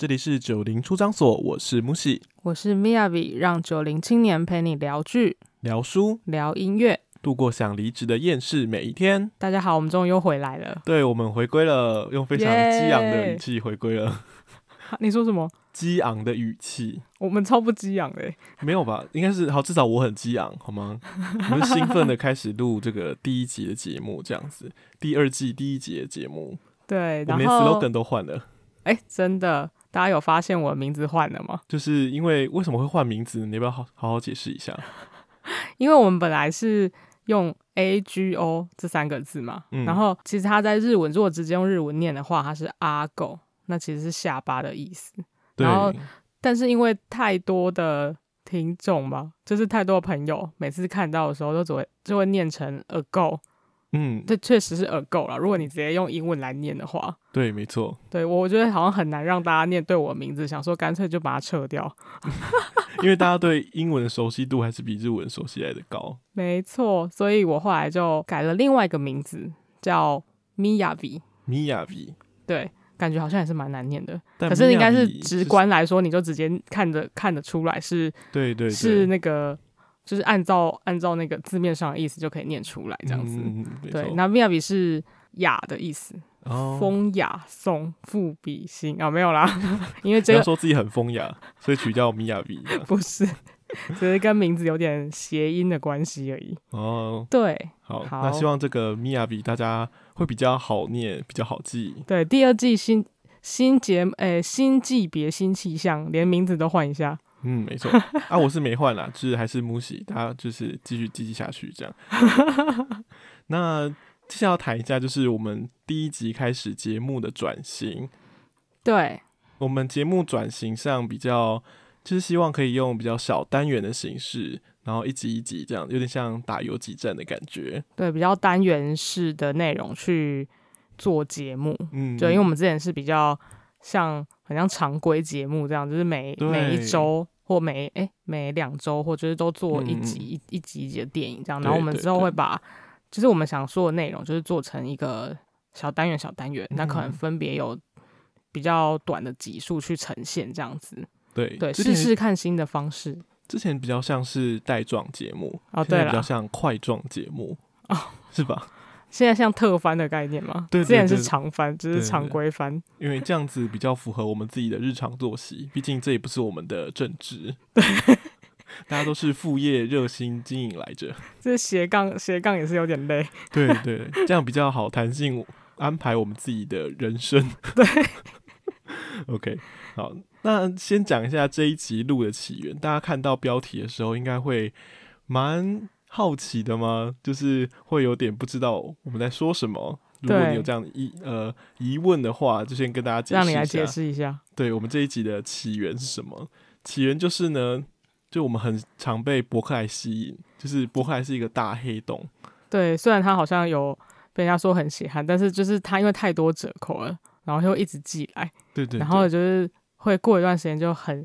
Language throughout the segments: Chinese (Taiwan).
這裡是九零出張所，我是木喜，我是米亞維，讓九零青年陪你聊劇、聊書、聊音樂，度過想離職的厭世每一天。大家好，我們終於又回來了。對，我們回歸了，用非常激昂的語氣回歸了。Yeah! 你說什麼？激昂的語氣？我們超不激昂誒、欸？沒有吧？應該是好，至少我很激昂，好嗎？ 我們興奮的開始錄這個第一集的節目，這樣子，第二季第一集的節目。對，然後，我們連 slogan 都換了。哎、欸，真的。大家有發現我的名字換了嗎？就是因為為什麼會換名字？你要不要好好好解釋一下。 因為我們本來是用 AGO 這三個字嘛，嗯，然後其實它在日文，如果我直接用日文念的話，它是阿狗，那其實是下巴的意思。然後，對。但是因為太多的聽眾嘛，就是太多的朋友，每次看到的時候都只會就會念成 AGO。嗯，這確實是耳垢了。如果你直接用英文來念的話，對，沒錯。對，我覺得好像很難讓大家念對我的名字，想說乾脆就把它撤掉， 因為大家對英文的熟悉度還是比日文熟悉來的高。沒錯，所以我後來就改了另外一個名字，叫米亞比。米亞比，對，感覺好像還是蠻難念的。但可是應該是直觀來說，就是、你就直接看着看得出來是，對對，對，是那個。就是按照按照那個字面上的意思就可以念出來這樣子，嗯嗯、對。那米婭比是雅的意思，哦、風雅頌賦比興啊，沒有啦，因為他、這個、 說自己很風雅，所以取叫米婭比。不是，只是跟名字有點諧音的關係而已。哦，對，好，好那希望這個米婭比大家會比較好念，比較好記。對，第二季新新節，誒，新季別、欸、新氣象，連名字都換一下。嗯，沒錯啊，我是沒換了， 就是還是母系，他就是繼續積極下去這樣。 那接下來要談一下，就是我們第一集開始節目的轉型。對，我們節目轉型上比較，就是希望可以用比較小單元的形式，然後一集一集這樣，有點像打游擊戰的感覺。對，比較單元式的內容去做節目，嗯，對，因為我們之前是比較。像，很像常規節目這樣，就是每每一周或每誒、欸、每兩周或就是都做一集、嗯、一、一集一集的電影這樣，然後我們之後會把，對對對，就是我們想說的內容，就是做成一個小單元小單元，嗯、那可能分別有比較短的集數去呈現這樣子。對對，試試看新的方式。之前比較像是帶狀節目哦，對啦比較像塊狀節目啊、哦，是吧？現在像特番的概念嗎？對，對，對，之前是常番對對對，就是常規番對對對。因為這樣子比較符合我們自己的日常作息，畢竟這也不是我們的正職。對， 大家都是副業熱心經營來着。這、就是、斜槓斜槓也是有點累。對對，對， 這樣比較好彈性安排我們自己的人生。對。 OK，好，那先講一下這一集錄的起源。大家看到標題的時候，應該會蠻。好奇的嗎？就是會有點不知道我們在說什麼。如果你有這樣的疑呃疑問的話，就先跟大家解釋。讓你來解釋一下。對，我們這一集的起源是什麼？起源就是呢，就我們很常被博客來吸引，就是博客來是一個大黑洞。對，雖然他好像有被人家說很血汗，但是就是他因為太多折扣了，然後就一直寄來。對對，對對。然後就是會過一段時間就很。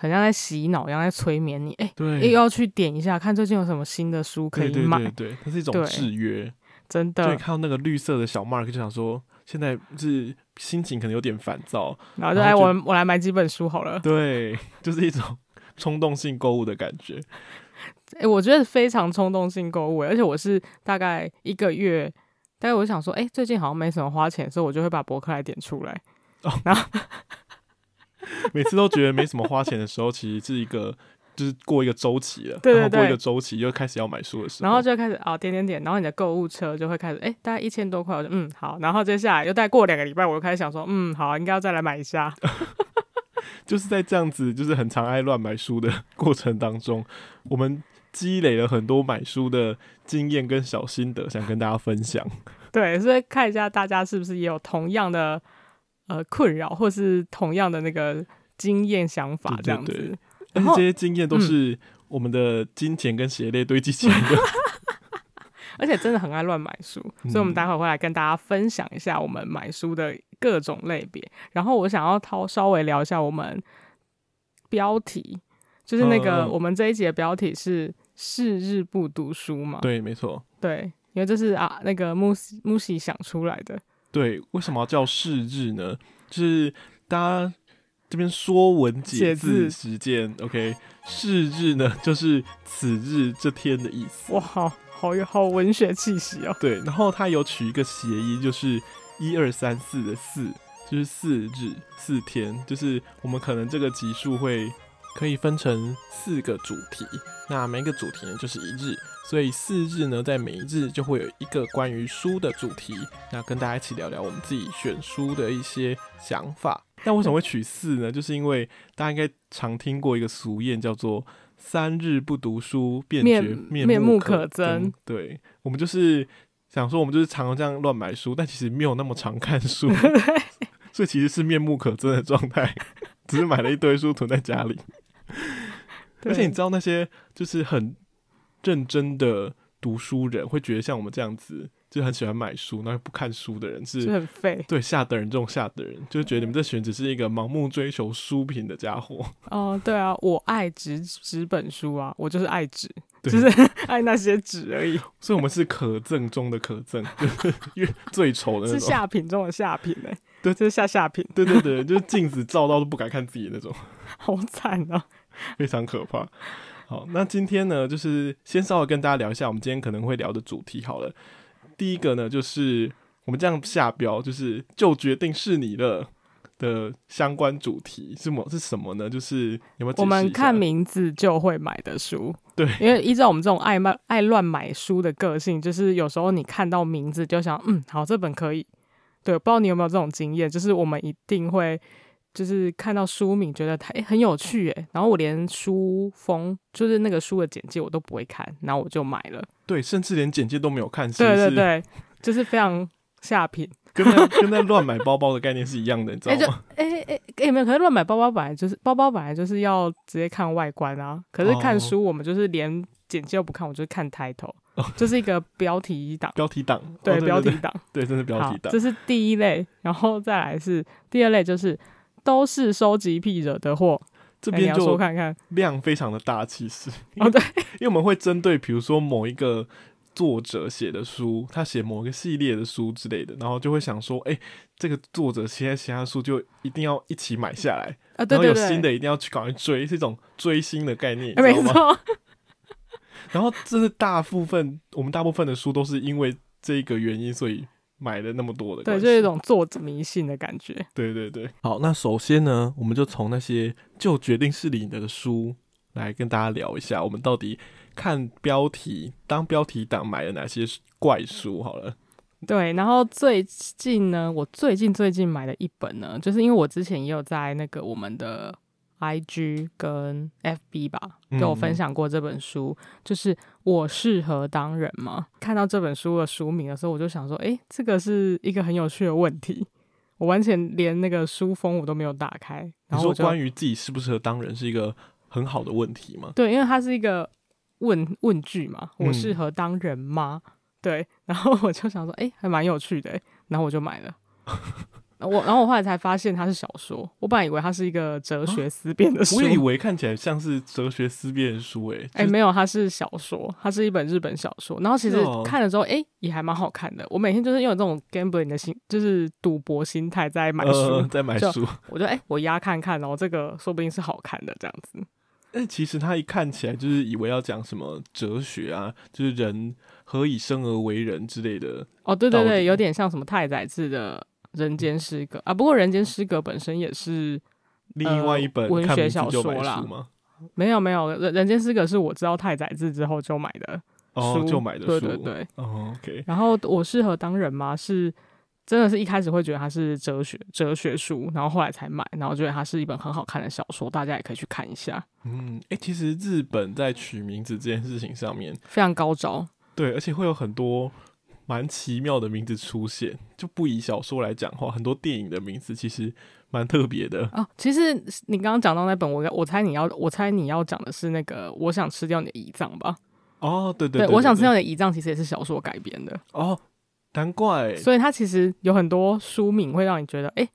很像在洗腦一樣，在催眠你。哎、欸欸，對，又要去點一下，看最近有什麼新的書可以買。對對對對，它是一種制約，真的。對，看到那個綠色的小 mark，就想說，現在就是心情可能有點煩躁。然後就來我我來買幾本書好了。對，就是一種衝動性購物的感覺。哎、欸，我覺得非常衝動性購物，而且我是大概一個月，大概我想說，哎、欸，最近好像沒什麼花錢，所以我就會把博客來點出來，哦、oh.，然後。 每次都覺得沒什麼花錢的時候， 其實是一個就是過一個周期了，對對對，然後過一個周期又開始要買書的時候，然後就開始啊、哦、點點點，然後你的購物車就會開始哎、欸、大概一千多塊，我就嗯好，然後接下來又再過兩個禮拜，我又開始想說嗯好應該要再來買一下， 就是在這樣子就是很常愛亂買書的過程當中，我們積累了很多買書的經驗跟小心得，想跟大家分享。 對，所以看一下大家是不是也有同樣的。呃，困擾或是同樣的那個經驗想法這樣子，對對對。而且這些經驗都是我們的金錢跟血淚堆積起來的、嗯。 而且真的很愛亂買書、嗯，所以我們待會會來跟大家分享一下我們買書的各種類別。然後我想要討稍微聊一下我們標題，就是那個我們這一集的標題是“是日不讀書”嘛？嗯、對，沒錯。對，因為這是啊，那個木西木西想出來的。對，為什麼要叫“是日”呢？就是大家這邊說文解字時間，OK，“ 是日”呢就是此日這天的意思。哇，好，好有好文學氣息哦。對，然後它有取一個諧音，就是一二三四的“四”，就是四日四天，就是我們可能這個集數會可以分成四個主題，那每一個主題呢，就是一日。所以是日呢，在每一日就會有一個關於書的主題，那跟大家一起聊聊我們自己選書的一些想法。那 為什麼會取是呢？就是因為大家應該常聽過一個俗諺，叫做“三日不讀書，便覺面，面目可憎”可。對，我們就是想說，我們就是常，常這樣亂買書，但其實沒有那麼常看書， 對，所以其實是面目可憎的狀態，只是買了一堆書囤在家裡。 對，而且你知道那些就是很。認真的讀書人會覺得像我們這樣子，就很喜歡買書，然後不看書的人是很廢。對，下等人，人，這種下等人就覺得你們這群只是一個盲目追求書品的家伙。哦、嗯，對啊，我愛紙紙本書啊，我就是愛紙，就是愛那些紙而已。所以，我們是可憎中的可憎，因 為最醜的那種是下品中的下品誒、欸。對，就是下下品。對對對，就是鏡子照到都不敢看自己的那種。好慘啊！非常可怕。好，那今天呢，就是先稍微跟大家聊一下我們今天可能會聊的主題好了。第一個呢，就是我們這樣下標，就是就決定是你了的相關主題是麼？是什麼呢？就是有沒有？我們看名字就會買的書，對，因為依照我們這種愛賣、愛亂買書的個性，就是有時候你看到名字就想，嗯，好，這本可以。對，不知道你有沒有這種經驗，就是我們一定會。就是看到書名覺得它、欸、很有趣誒、欸，然後我連書封就是那個書的簡介我都不會看，然後我就買了。對，甚至連簡介都沒有看，是是。對對對，就是非常下品，跟 跟那亂買包包的概念是一樣的，你知道嗎？哎、欸、哎，有、欸欸欸欸，沒有？可是亂買包包本來就是，包包本來就是要直接看外觀啊。可是看書我們就是連簡介都不看，我就是看 title，就是一個標題黨。標題黨，對，哦、對、對、對，標題黨，對，真是標題黨。這是第一類，然後再來是第二類，就是。都是收集癖惹的禍。這邊就看看量非常的大，其實、哦、對、因為我們會針對比如說某一個作者寫的書，他寫某個系列的書之類的，然後就會想說，誒、欸，這個作者現在其他,其他的書就一定要一起買下來、啊、對對對、然後有新的一定要去考慮追，是一種追星的概念，啊、對對對沒錯。 然後這是大部分，我們大部分的書都是因為這個原因，所以。買了那麼多的，對，就是一種做迷信的感覺。對對對，好，那首先呢，我們就從那些就決定是你的書來跟大家聊一下，我們到底看標題當標題黨買了哪些怪書？好了，對。然後最近呢，我最近最近買了一本呢，就是因為我之前也有在那個我們的。IG 跟 FB 吧，跟我分享過這本書，嗯、就是我適合當人嗎？看到這本書的書名的時候，我就想說，哎、欸，這個是一個很有趣的問題。我完全連那個書封我都沒有打開。然後你說關於自己適不適合當人是一個很好的問題嗎？對，因為它是一個問問句嘛，我適合當人嗎、嗯？對，然後我就想說，哎、欸，還蠻有趣的、欸，然後我就買了。 我然後我後來才發現它是小說，我本來以為它是一個哲學思辨的書，啊、我，我以為看起來像是哲學思辨的書誒、欸。哎、就是欸，沒有，它是小說，它是一本日本小說。然後其實看了之後，誒、哦欸，也還蠻好看的。我每天就是用這種 gambling 的心，就是賭博心態在買書、呃，在買書。就我就得哎、欸，我押看看然後這個說不定是好看的這樣子。欸、其實它一看起來就是以為要講什麼哲學啊，就是人何以生而為人之類的。哦，對對對，有點像什麼太宰治的。人間失格啊，不過人間失格本身也是另外一本、呃、文學小說啦，書嗎？沒有沒有，人人間失格是我知道太宰治之後就買的書，哦、就買的書。對對對，對、哦、OK。然後我適合當人嗎？是，真的是一開始會覺得它是哲學哲學書，然後後來才買，然後覺得它是一本很好看的小說，大家也可以去看一下。嗯，誒、欸，其實日本在取名字這件事情上面非常高招，對，而且會有很多。蠻奇妙的名字出現，就不以小說來講話，很多電影的名字其實蠻特別的啊、哦。其實你剛剛講到那本，我我猜你要，我猜你要講的是那個“我想吃掉你的胰臟吧？哦，對對對,對,對,對，我想吃掉你的胰臟，其實也是小說改編的哦，難怪。所以它其實有很多書名會讓你覺得哎、欸，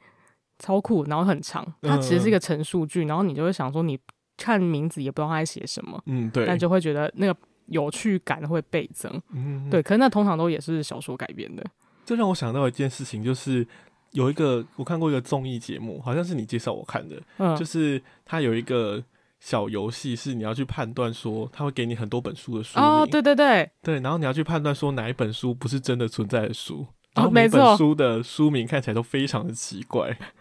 超酷，然後很長，它其實是一個陳述句、嗯，然後你就會想說，你看名字也不知道他在寫什麼，嗯，對，但就會覺得那個。有趣感會倍增，嗯,嗯，對。可是那通常都也是小說改編的。這讓我想到一件事情，就是有一個我看過一個綜藝節目，好像是你介紹我看的，嗯、就是他有一個小遊戲，是你要去判斷說他會給你很多本書的書名、哦，對對對，對，然後你要去判斷說哪一本書不是真的存在的書，然後每本書的書名看起來都非常的奇怪。哦、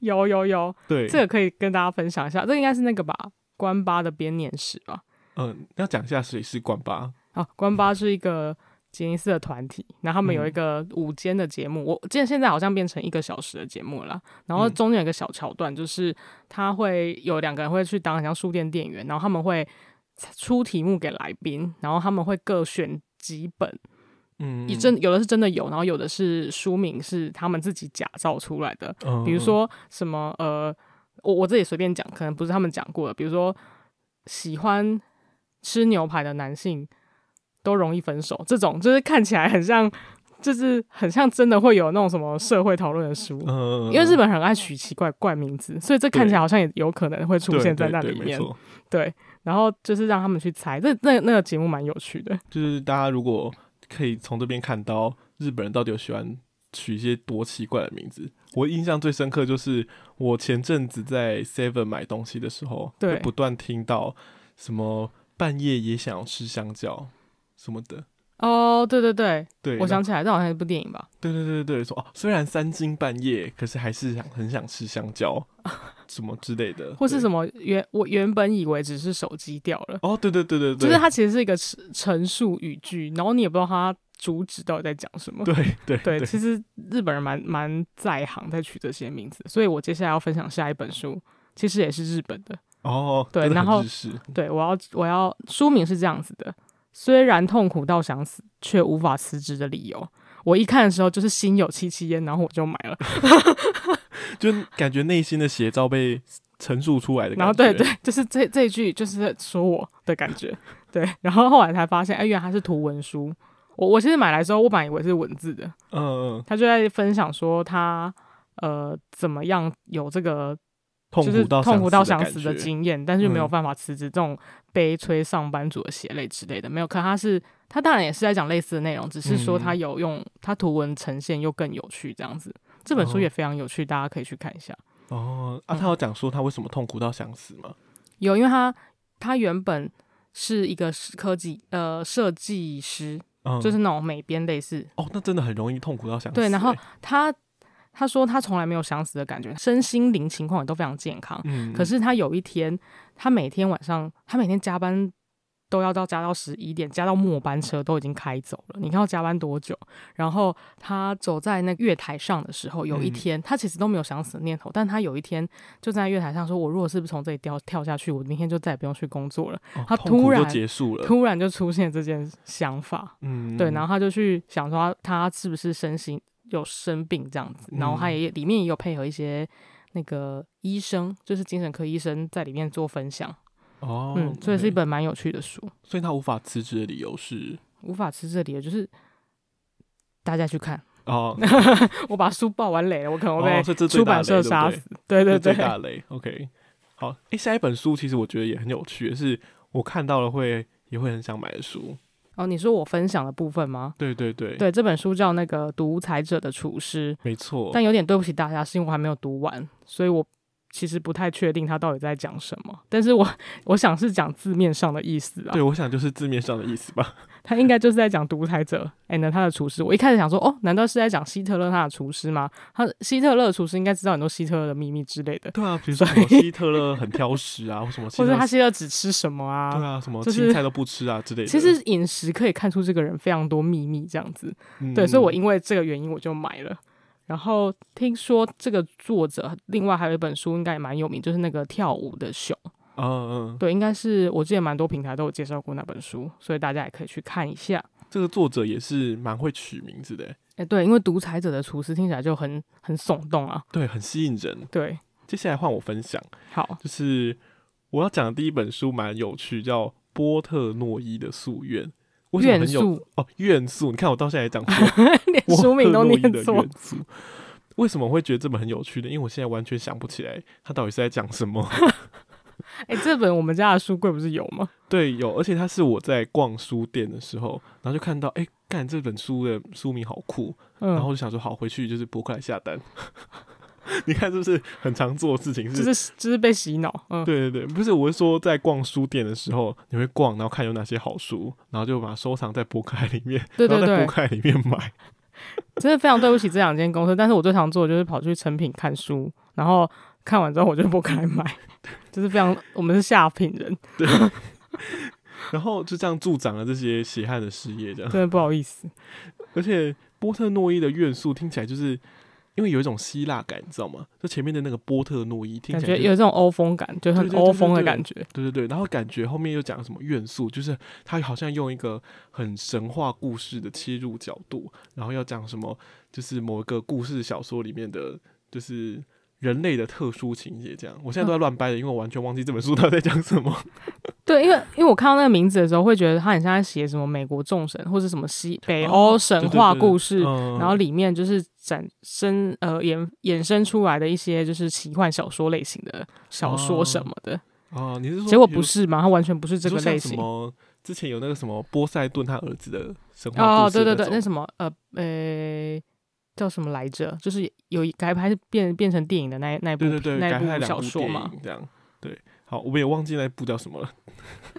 有有有，對，這個可以跟大家分享一下，這個、應該是那個吧，《關八的編年史》吧。嗯，要講一下誰是關八。啊，關八是一個吉尼斯的團體，然後他們有一個午間的節目，嗯、我見現在好像變成一個小時的節目了。然後中間有一個小橋段，就是他會有兩個人會去當像書店店員，然後他們會出題目給來賓，然後他們會各選幾本，嗯，一真有的是真的有，然後有的是書名是他們自己假造出來的，嗯、比如說什麼呃，我我自己隨便講，可能不是他們講過的，比如說喜歡。吃牛排的男性都容易分手，這種就是看起來很像，就是很像真的會有那種什麼社會討論的書。嗯，因為日本人很愛取奇怪怪名字，所以這看起來好像也有可能會出現在那裡面。對，對對對對，然後就是讓他們去猜，這那那個節目蠻有趣的。就是大家如果可以從這邊看到日本人到底有喜歡取一些多奇怪的名字，我印象最深刻就是我前陣子在 Seven 買東西的時候，對，不斷聽到什麼。半夜也想要吃香蕉什麼的哦，oh, 對對對對，我想起來，這好像一部電影吧？對對對對對，啊、雖然三更半夜，可是還是想很想吃香蕉 什麼之類的，或是什麼原我原本以為只是手機掉了哦，oh, 對對對對對，就是它其實是一個陳述語句，然後你也不知道它主旨到底在講什麼。對對對， 對其實日本人蠻蠻在行在取這些名字，所以我接下來要分享下一本書，其實也是日本的。哦，對，然後對，我要我要書名是這樣子的，雖然痛苦到想死，卻無法辭職的理由。我一看的時候就是心有戚戚焉，然後我就買了， 就感覺內心的寫照被陳述出來的感覺。然後對對，就是這這一句就是說我的感覺， 對。然後後來才發現，哎、欸，原來它是圖文書。我我其實買來之後，我本來以為是文字的，嗯嗯。他就在分享說他呃怎麼樣有這個。就是痛苦到想死的經驗、就是嗯，但是沒有辦法辭職，這種悲催上班族的血淚之類的沒有。可他是他當然也是在講類似的內容，只是說他有用、嗯、他圖文呈現又更有趣這樣子。這本書也非常有趣，哦、大家可以去看一下。哦，啊，他有講說他為什麼痛苦到想死嗎？嗯、有，因為他他原本是一個科技呃設計師、嗯，就是那種美編類似。哦，那真的很容易痛苦到想死。對，然後他。他說他從來沒有想死的感覺，身心靈情況也都非常健康，嗯。可是他有一天，他每天晚上，他每天加班都要到加到十一點，加到末班車都已經開走了。你看要加班多久？然後他走在那個月台上的時候，有一天他其實都沒有想死的念頭，嗯，但他有一天就站在月台上說：“我如果是不是從這裡掉跳，跳下去，我明天就再也不用去工作了。哦，痛苦都結束了”他突然突然就出現這件想法。嗯，嗯，對，然後他就去想說他，他是不是身心。有生病這樣子，然後他也裡面也有配合一些那個醫生，就是精神科醫生在裡面做分享哦，嗯，所以是一本蠻有趣的書。Okay. 所以他無法辭職的理由，是無法辭職的理由，就是大家去看哦， 我把書爆完雷了，我可能會被出版社殺死、哦對對，對對對，對，這最大雷。OK，好，哎、欸，下一本書其實我覺得也很有趣是，是我看到了會也會很想買的書。哦，你說我分享的部分嗎？對對對，對這本書叫那個《獨裁者的廚師》，沒錯，但有點對不起大家，是因為我還沒有讀完，所以我。其實不太確定他到底在講什麼，但是我我想是講字面上的意思啊。對，我想就是字面上的意思吧。他應該就是在講獨裁者誒那他的廚師。我一開始想說，哦，難道是在講希特勒他的廚師嗎？他希特勒的廚師應該知道很多希特勒的秘密之類的。對啊，比如說什麼希特勒很挑食啊，或什麼， 或者他希特勒只吃什麼啊？對啊，什麼青菜都不吃啊之類的。就是、其實飲食可以看出這個人非常多秘密，這樣子、嗯。對，所以我因為這個原因我就買了。然後聽說這個作者另外還有一本書，應該也蠻有名，就是那個跳舞的熊。嗯嗯，對，應該是我之前蠻多平台都有介紹過那本書，所以大家也可以去看一下。這個作者也是蠻會取名字的。誒，對，因為獨裁者的廚師聽起來就很很聳動啊，對，很吸引人。對，接下來換我分享。好，就是我要講的第一本書蠻有趣，叫波特諾伊的夙願。元素哦，元素！你看我到現在講錯， 連書名都念錯。為什麼我會覺得這本很有趣呢？因為我現在完全想不起來它到底是在講什麼。哎、 欸，這本我們家的書櫃不是有嗎？對，有。而且它是我在逛書店的時候，然後就看到，誒、欸，看這本書的書名好酷，然後我就想說，好回去就是博客來下單。 你看是，這是很常做的事情是，是就是就是被洗腦。嗯，對對對，不是，我是說，在逛書店的時候，你會逛，然後看有哪些好書，然後就把它收藏在博客裡面，對對對，博客來裡面買。真的非常對不起這兩間公司， 但是我最常做的就是跑去誠品看書，然後看完之後我就博客來買，就是非常 我們是下品人。對。 然後就這樣助長了這些血汗的事業，這樣。對，不好意思。而且波特諾伊的怨訴聽起來就是。因為有一種希臘感，你知道嗎？就前面的那個波特諾伊，聽感覺有這種歐風感，就很歐風的感覺對對對對對。對對對，然後感覺後面又講什麼元素，就是他好像用一個很神話故事的切入角度，然後要講什麼，就是某一個故事小說裡面的，就是人類的特殊情節。這樣，我現在都在亂掰的，因為我完全忘記這本書他在講什麼。嗯、 對，因為因為我看到那個名字的時候，會覺得他很像在寫什麼美國眾神，或者什麼西北歐神話故事、嗯對對對，嗯，然後裡面就是。產生呃衍衍生出來的一些就是奇幻小說類型的小說什麼的哦、啊啊，你是說，結果不是嗎？它完全不是這個類型。之前有那個什麼波塞頓他兒子的神話故事那種。哦對對對，那什麼呃誒、欸，叫什麼來着？就是有一改拍是變變成電影的那一那一部？對對對，改拍兩部小說嘛？這樣對。好，我們也忘記那部叫什麼了。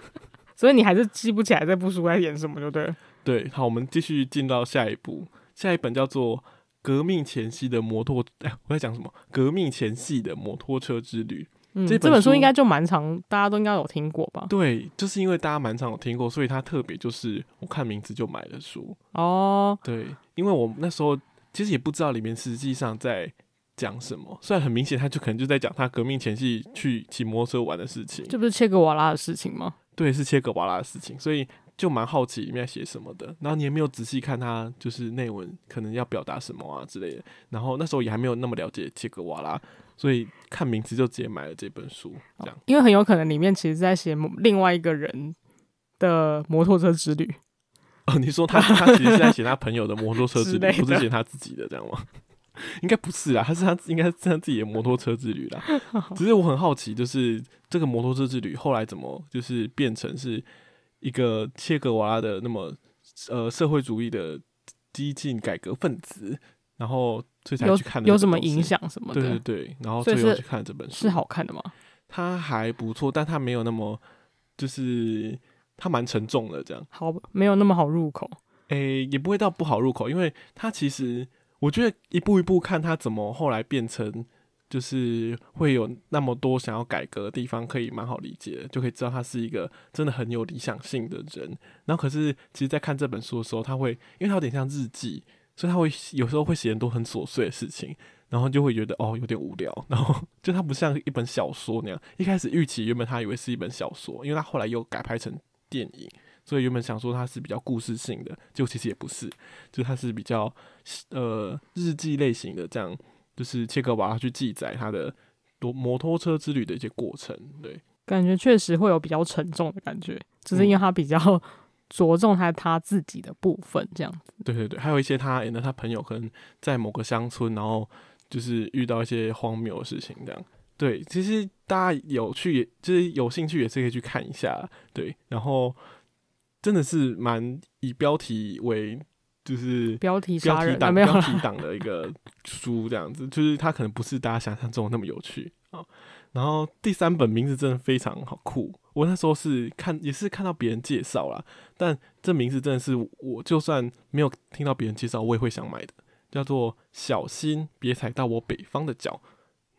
所以你還是記不起來這部書該演什麼就對了。對，好，我們繼續進到下一部。下一本叫做。革命前夕的摩托，哎，我在講什麼？革命前夕的摩托車之旅。嗯，這本嗯這本書應該就蠻常，大家都應該有聽過吧？對，就是因為大家蠻常有聽過，所以他特別就是我看名字就買了書。哦，對，因為我那時候其實也不知道裡面實際上在講什麼，雖然很明顯他就可能就在講他革命前夕去騎摩托車玩的事情。這不是切格瓦拉的事情嗎？對，是切格瓦拉的事情，所以。就蠻好奇裡面寫什麼的，然後你也沒有仔細看他就是內文可能要表達什麼啊之類的，然後那時候也還沒有那麼了解切格瓦拉，所以看名字就直接買了這本書，這樣。因為很有可能裡面其實是在寫另外一個人的摩托車之旅。哦，你說他他其實是在寫他朋友的摩托車之旅， 之類的不是寫他自己的這樣嗎？ 應該不是啦，他是他應該是他自己的摩托車之旅啦。好好。只是我很好奇，就是這個摩托車之旅後來怎麼就是變成是。一個切格瓦拉的那麼，呃，社會主義的激進改革分子，然後這才去看有，有什麼影響什麼的，對對對，然後最後去看這本書是，是好看的嗎？它還不錯，但它沒有那麼就是它蠻沉重的這樣，好沒有那麼好入口。誒、欸，也不會到不好入口，因為它其實我覺得一步一步看它怎麼後來變成。就是會有那麼多想要改革的地方，可以蠻好理解的，就可以知道他是一個真的很有理想性的人。然後可是，其實，在看這本書的時候，他會，因為他有點像日記，所以他會有時候會寫很多很瑣碎的事情，然後就會覺得哦，有點無聊。然後就他不像一本小說那樣，一開始預期，原本他以為是一本小說，因為他後來又改拍成電影，所以原本想說他是比較故事性的，就其實也不是，就他是比較呃日記類型的這樣。就是切格瓦拉去記載他的多摩托車之旅的一些過程，對，感覺確實會有比較沉重的感覺，只、嗯就是因為他比較着重他他自己的部分這樣子。對對對，還有一些他演的、欸、他朋友可能在某個鄉村，然後就是遇到一些荒謬的事情這樣。對，其實大家有去就是有興趣也是可以去看一下，對，然後真的是蠻以標題為。就是標題標題黨、啊、標題黨的一個書這樣子，就是它可能不是大家想象中的那麼有趣啊、哦。然後第三本名字真的非常好酷，我那時候是看也是看到別人介紹啦，但這名字真的是我就算沒有聽到別人介紹，我也會想買的，叫做《小心別踩到我北方的腳》。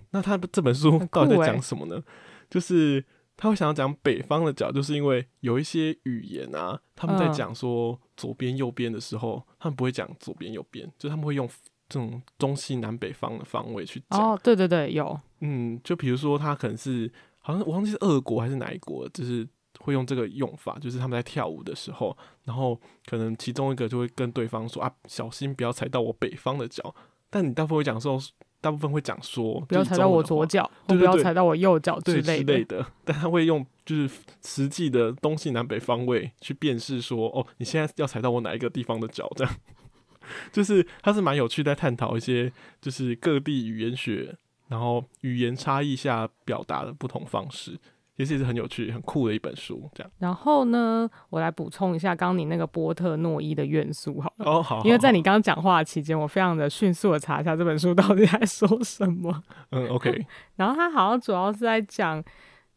那他的這本書到底在講什麼呢？欸、就是。他會想要講北方的腳，就是因為有一些語言啊，他們在講說左邊右邊的時候，嗯，他們不會講左邊右邊，就他們會用這種中西南北方的方位去講。哦，對對對，有。嗯，就比如說他可能是好像我忘記是俄國還是哪一國，就是會用這個用法，就是他們在跳舞的時候，然後可能其中一個就會跟對方說啊，小心不要踩到我北方的腳。但你大部分會講說。大部分會講說，不要踩到我左腳，就是、對對或不要踩到我右腳之類的。但他會用就是實際的東西南北方位去辨識說，說哦，你現在要踩到我哪一個地方的腳這樣。 就是他是蠻有趣的，在探討一些就是各地語言學，然後語言差異下表達的不同方式。其實是,是很有趣、很酷的一本書，這樣。然後呢，我來補充一下剛剛你那個波特諾伊的怨訴好了。哦，好。因為在你剛講話期間，我非常的迅速的查一下這本書到底在說什麼。嗯，OK。 然後他好像主要是在講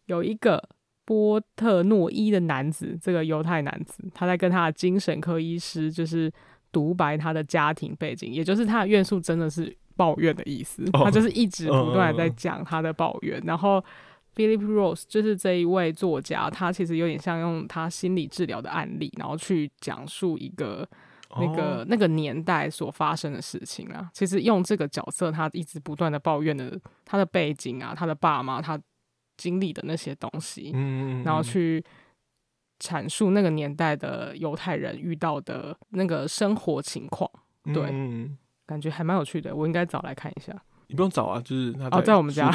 有一個波特諾伊的男子，這個猶太男子，他在跟他的精神科醫師就是獨白他的家庭背景，也就是他的怨訴真的是抱怨的意思。哦、他就是一直不斷在講他的抱怨，哦嗯、然後。Philip Roth 就是這一位作家，他其實有點像用他心理治療的案例，然後去講述一個那個那個年代所發生的事情啊。其實用這個角色，他一直不斷的抱怨的他的背景啊，他的爸媽，他經歷的那些東西，然後去闡述那個年代的猶太人遇到的那個生活情況。對，感覺還蠻有趣的，我應該找來看一下。你不用找啊，就是他在，哦，在我們家，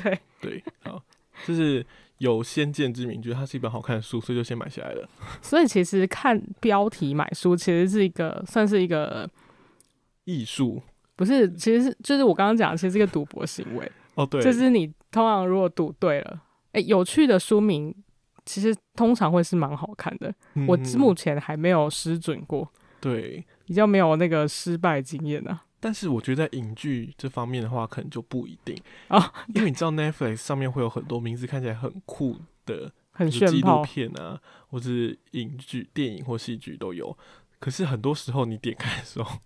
對 對，好。就是有先見之明，覺得它是一本好看的書，所以就先買下來了。所以其實看標題買書，其實是一個算是一個藝術，不是？其實是就是我剛剛講的，其實是一個賭博行為。 哦，對，就是你通常如果賭對了，哎，有趣的書名其實通常會是蠻好看的。嗯。我目前還沒有失準過，對，比較沒有那個失敗經驗呢，啊。但是我覺得在影劇這方面的話，可能就不一定啊、哦，因為你知道 Netflix 上面會有很多名字看起來很酷的、很炫炮、紀錄片啊，或者是影劇、電影或戲劇都有。可是很多時候你點開的時候，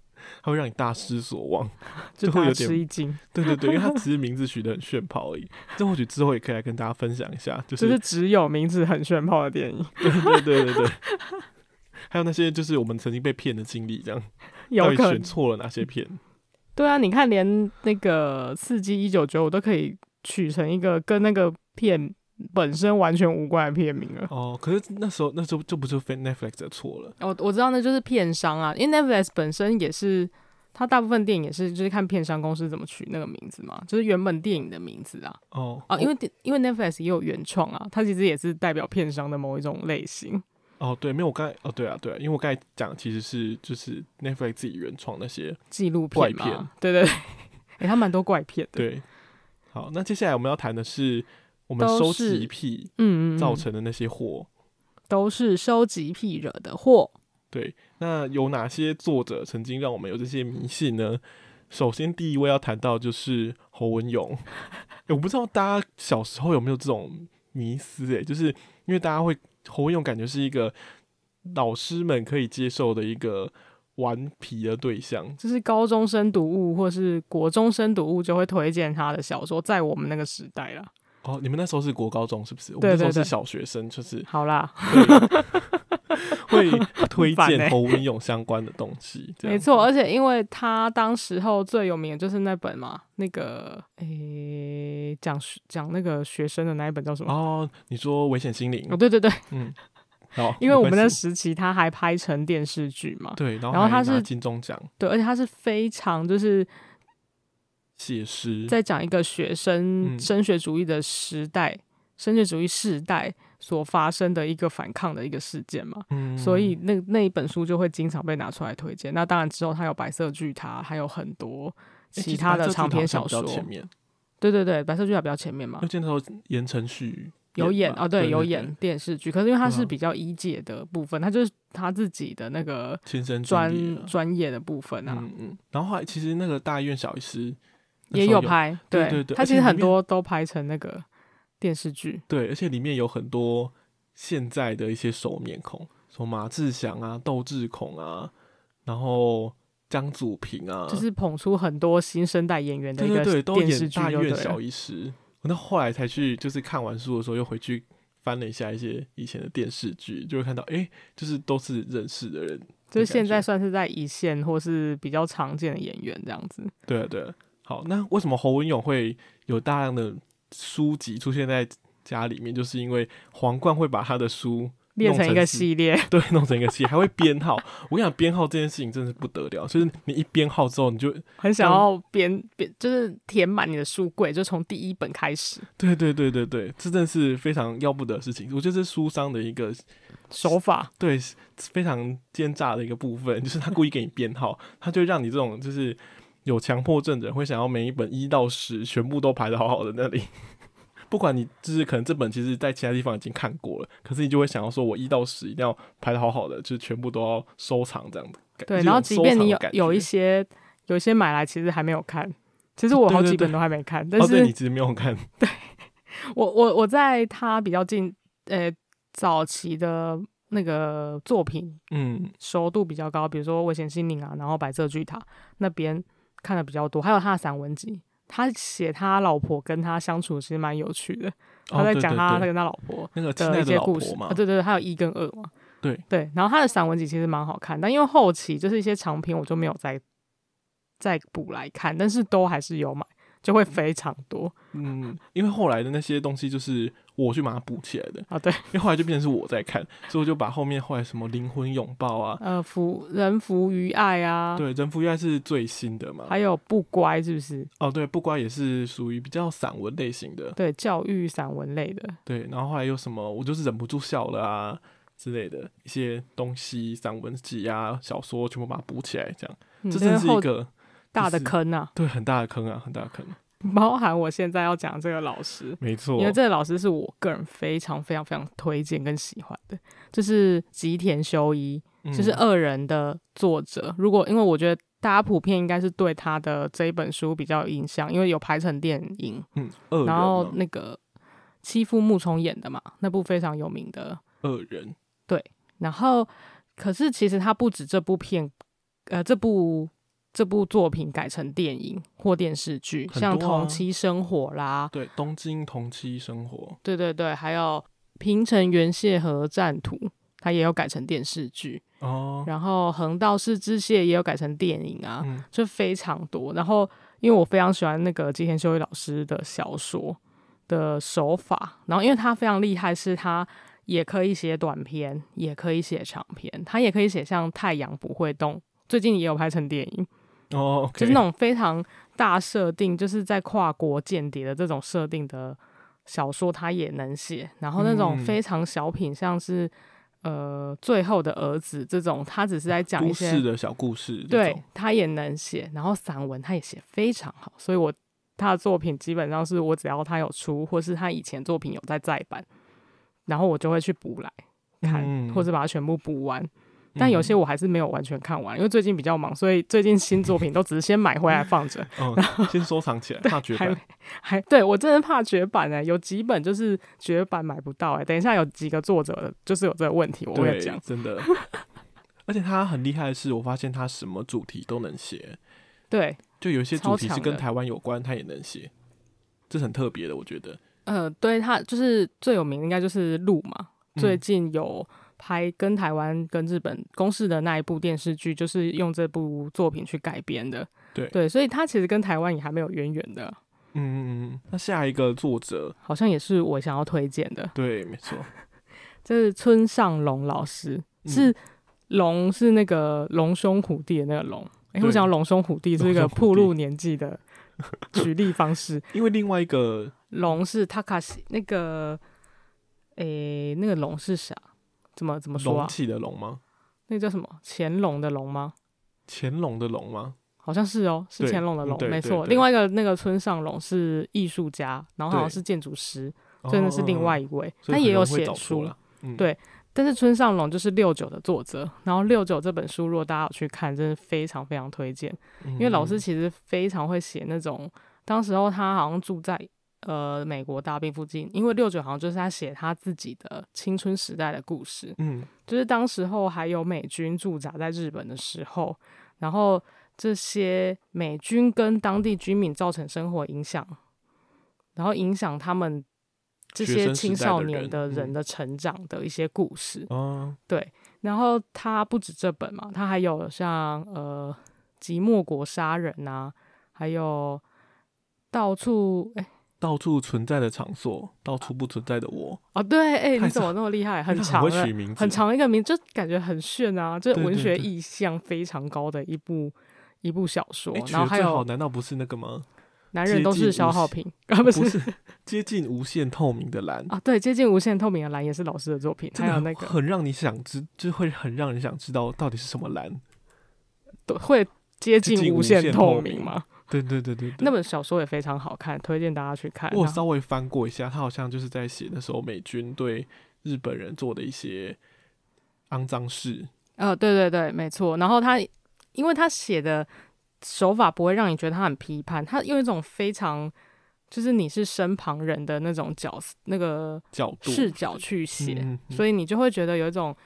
它會讓你大失所望，就，就會有點吃驚。對對對，因為它只是名字取得很炫炮而已。這 或許之後也可以來跟大家分享一下，就是、就是、只有名字很炫炮的電影。對對對對對，對，對， 還有那些就是我們曾經被騙的經歷，這樣到底選錯了哪些片？嗯對啊，你看，連那個《刺激一九九五》都可以取成一個跟那個片本身完全無關的片名了。哦，可是那時候那時候就不是 Netflix 的錯了。哦，我知道，那就是片商啊，因為 Netflix 本身也是，它大部分電影也是就是看片商公司怎麼取那個名字嘛，就是原本電影的名字啊。哦，哦因為哦因為 Netflix 也有原創啊，它其實也是代表片商的某一種類型。哦對，沒有我剛才哦對啊對啊，因為我剛才講的其實是就是 Netflix 自己原創那些紀錄片，對對對，哎、欸，他蠻多怪片的。 對，好，那接下來我們要談的是我們收集癖嗯造成的那些禍都、嗯，都是收集癖惹的禍。對，那有哪些作者曾經讓我們有這些迷信呢？首先第一位要談到就是侯文詠 誒，我不知道大家小時候有沒有這種迷思，哎，就是因為大家會。侯文詠感覺是一個老師們可以接受的一個頑皮的對象，就是高中生讀物或是國中生讀物就會推薦他的小說，在我們那個時代啦。哦，你們那時候是國高中是不是？對對對，我們那時候是小學生，就是好啦。 會推薦侯文詠相關的東西，沒錯。而且因為他當時候最有名的就是那本嘛，那個誒講講那個學生的那一本叫什麼？哦，你說《危險心靈》哦，對對對，嗯，好，因為我們的時期他還拍成電視劇嘛，對，然後，金鐘獎然後他是對，而且他是非常就是寫實，在講一個學生升學主義的時代，升、嗯、學主義世代。所發生的一個反抗的一個事件嘛，嗯、所以那那一本書就會經常被拿出來推薦。那當然之後他有白色巨塔，還有很多其他的長篇小說。欸、對對對，白色巨塔比較前面嘛。那言承旭有演啊，喔、對，對，對，對，有演電視劇，可是因為他是比較醫界的部分，他就是他自己的那個親身專專業、啊、業的部分啊。嗯，嗯然後，後來其實那個大醫院小醫師有也有拍，對對對，對，他其實很多都拍成那個。電視劇對，而且裡面有很多現在的一些熟面孔，什麼馬志祥啊、竇智孔啊，然後江祖平啊，就是捧出很多新生代演員的一個電視劇越小一時，那後來才去，就是看完書的時候又回去翻了一下一些以前的電視劇，就會看到，哎、欸，就是都是認識的人的，就是現在算是在一線或是比較常見的演員這樣子。對啊對啊，好，那為什麼侯文詠會有大量的？書籍出現在家裡面，就是因為皇冠會把他的書弄成變成一個系列，對，弄成一個系列，還會編號。 我跟你講，編號這件事情真是不得了，就是你一編號之後，你就很想要編編，就是填滿你的書櫃，就從第一本開始。對對對對對，這真是非常要不得的事情。我覺得這是書商的一個手法，對，非常奸詐的一個部分，就是他故意給你編號，他就讓你這種就是。有強迫症的人會想要每一本一到十全部都排得好好的那裡，不管你就是可能這本其實，在其他地方已經看過了，可是你就會想要說，我一到十一定要排得好好的，就是全部都要收藏這樣的。對，然後即便你有有一些有一些買來其實還沒有看，其實我好幾本都還沒看，對對對但是，啊、對，你其實沒有看。對，我我我在他比較近呃、欸、早期的那個作品，嗯，熟度比較高，比如說《危險心靈》啊，然後《白色巨塔》那邊。看的比較多，還有他的散文集，他寫他老婆跟他相處其實蠻有趣的，他在講他他跟他老婆的那些故事，哦、對對對，他有一跟二嘛，對對，然後他的散文集其實蠻好看，但因為後期就是一些長篇，我就沒有再再補來看，但是都還是有買，就會非常多，嗯，嗯，因為後來的那些東西就是。我去把它補起來的啊，對，因為後來就變成是我在看，所以我就把後面後來什麼靈魂擁抱啊，呃，浮，人浮於愛啊，對，人浮於愛是最新的嘛，還有不乖是不是？哦，對，不乖也是屬於比較散文類型的，對，教育散文類的，對，然後後來有什麼我就是忍不住笑了啊之類的一些東西，散文集啊小說全部把它補起來這、嗯，這樣這真是一個大的坑啊、就是，對，很大的坑啊，很大的坑。包含我現在要講這個老師，沒錯，因為這個老師是我個人非常非常非常推薦跟喜歡的，就是吉田修一，就是《惡人》的作者。嗯、如果因為我覺得大家普遍應該是對他的這一本書比較有印象，因為有拍成電影，嗯，惡人啊、然後那個妻夫木聰演的嘛，那部非常有名的《惡人》。對，然後可是其實他不止這部片，呃，這部。這部作品改成電影或電視劇，啊、像《同期生活》啦，對，《東京同期生活》，對對對，還有《平成猿蟹合戰圖》，它也有改成電視劇，哦、然後《橫道世之介》也有改成電影啊，嗯、就非常多。然後，因為我非常喜歡那個吉田修一老師的小說的手法，然後因為他非常厲害，是他也可以寫短篇，也可以寫長篇，他也可以寫像《太陽不會動》，最近也有拍成電影。哦、oh, okay.，就是那種非常大設定，就是在跨國間諜的這種設定的小說，他也能寫。然後那種非常小品，像是、嗯、呃《最後的兒子》這種，他只是在講一些故事的小故事，對他也能寫。然後散文他也寫非常好，所以我他的作品基本上是我只要他有出，或是他以前作品有在再版，然後我就會去補來看、嗯，或是把它全部補完。但有些我還是沒有完全看完、嗯，因為最近比較忙，所以最近新作品都只是先買回來放着、嗯，先收藏起來。 怕絕版，還，還對我真的怕絕版哎、欸，有幾本就是絕版買不到哎、欸。等一下有幾個作者就是有這個問題，我會講真的。 而且他很厲害的是，我發現他什麼主題都能寫。對，就有些主題是跟台灣有關，他也能寫，這很特別的，我覺得。嗯、呃，對他就是最有名的應該就是路嘛、嗯，最近有。拍跟台灣跟日本公視的那一部電視劇，就是用這部作品去改編的。對對，所以他其實跟台灣也還沒有淵源的。嗯嗯嗯。那下一個作者好像也是我想要推薦的。對，沒錯， 這是村上龍老師，是龍、嗯、是那個龍兄虎弟的那個龍。誒、欸，我想龍兄虎弟是一個暴露年紀的舉例方式？ 因為另外一個龍是 Takashi 那個，誒、欸，那個龍是啥？怎麼怎麼說啊？龍起的龍嗎？那叫什麼？乾隆的隆嗎？乾隆的隆嗎？好像是哦、喔，是乾隆的隆，沒錯。另外一個那個村上隆是藝術家，然後好像是建築師，真的是另外一位，哦、他也有寫書、嗯。對，但是村上龍就是六九的作者，然後六九這本書，如果大家有去看，真的非常非常推薦，因為老師其實非常會寫那種、嗯，當時候他好像住在。呃，美國大兵附近，因為六九好像就是他寫他自己的青春時代的故事，嗯，就是當時候還有美軍駐紮在日本的時候，然後這些美軍跟當地居民造成生活影響，然後影響他們這些青少年的人的成長的一些故事，嗯，對，然後他不止這本嘛，他還有像呃《寂寞國殺人》啊吶，還有到處哎。欸到處存在的場所，到處不存在的我。啊、哦，對，哎、欸，你怎麼那麼厲害？很長很，很長一個名，就感覺很炫啊！這文學意象，非常高的一部對對對，一部小說。然後還有、欸，難道不是那個嗎？男人都是消耗品啊。不是，不是？接近無限透明的藍 啊，對，接近無限透明的藍也是老師的作品。還有那個很讓你想知，就會很讓人想知道到底是什麼藍，會接近無限透明嗎？對，對對對對，那本小說也非常好看，推薦大家去看。我稍微翻過一下，他好像就是在寫那時候美軍對日本人做的一些骯髒事。呃，對對對，沒錯。然後他，因為他寫的手法不會讓你覺得他很批判，他用一種非常就是你是身旁人的那種角，那個角度視角去寫，嗯，所以你就會覺得有一種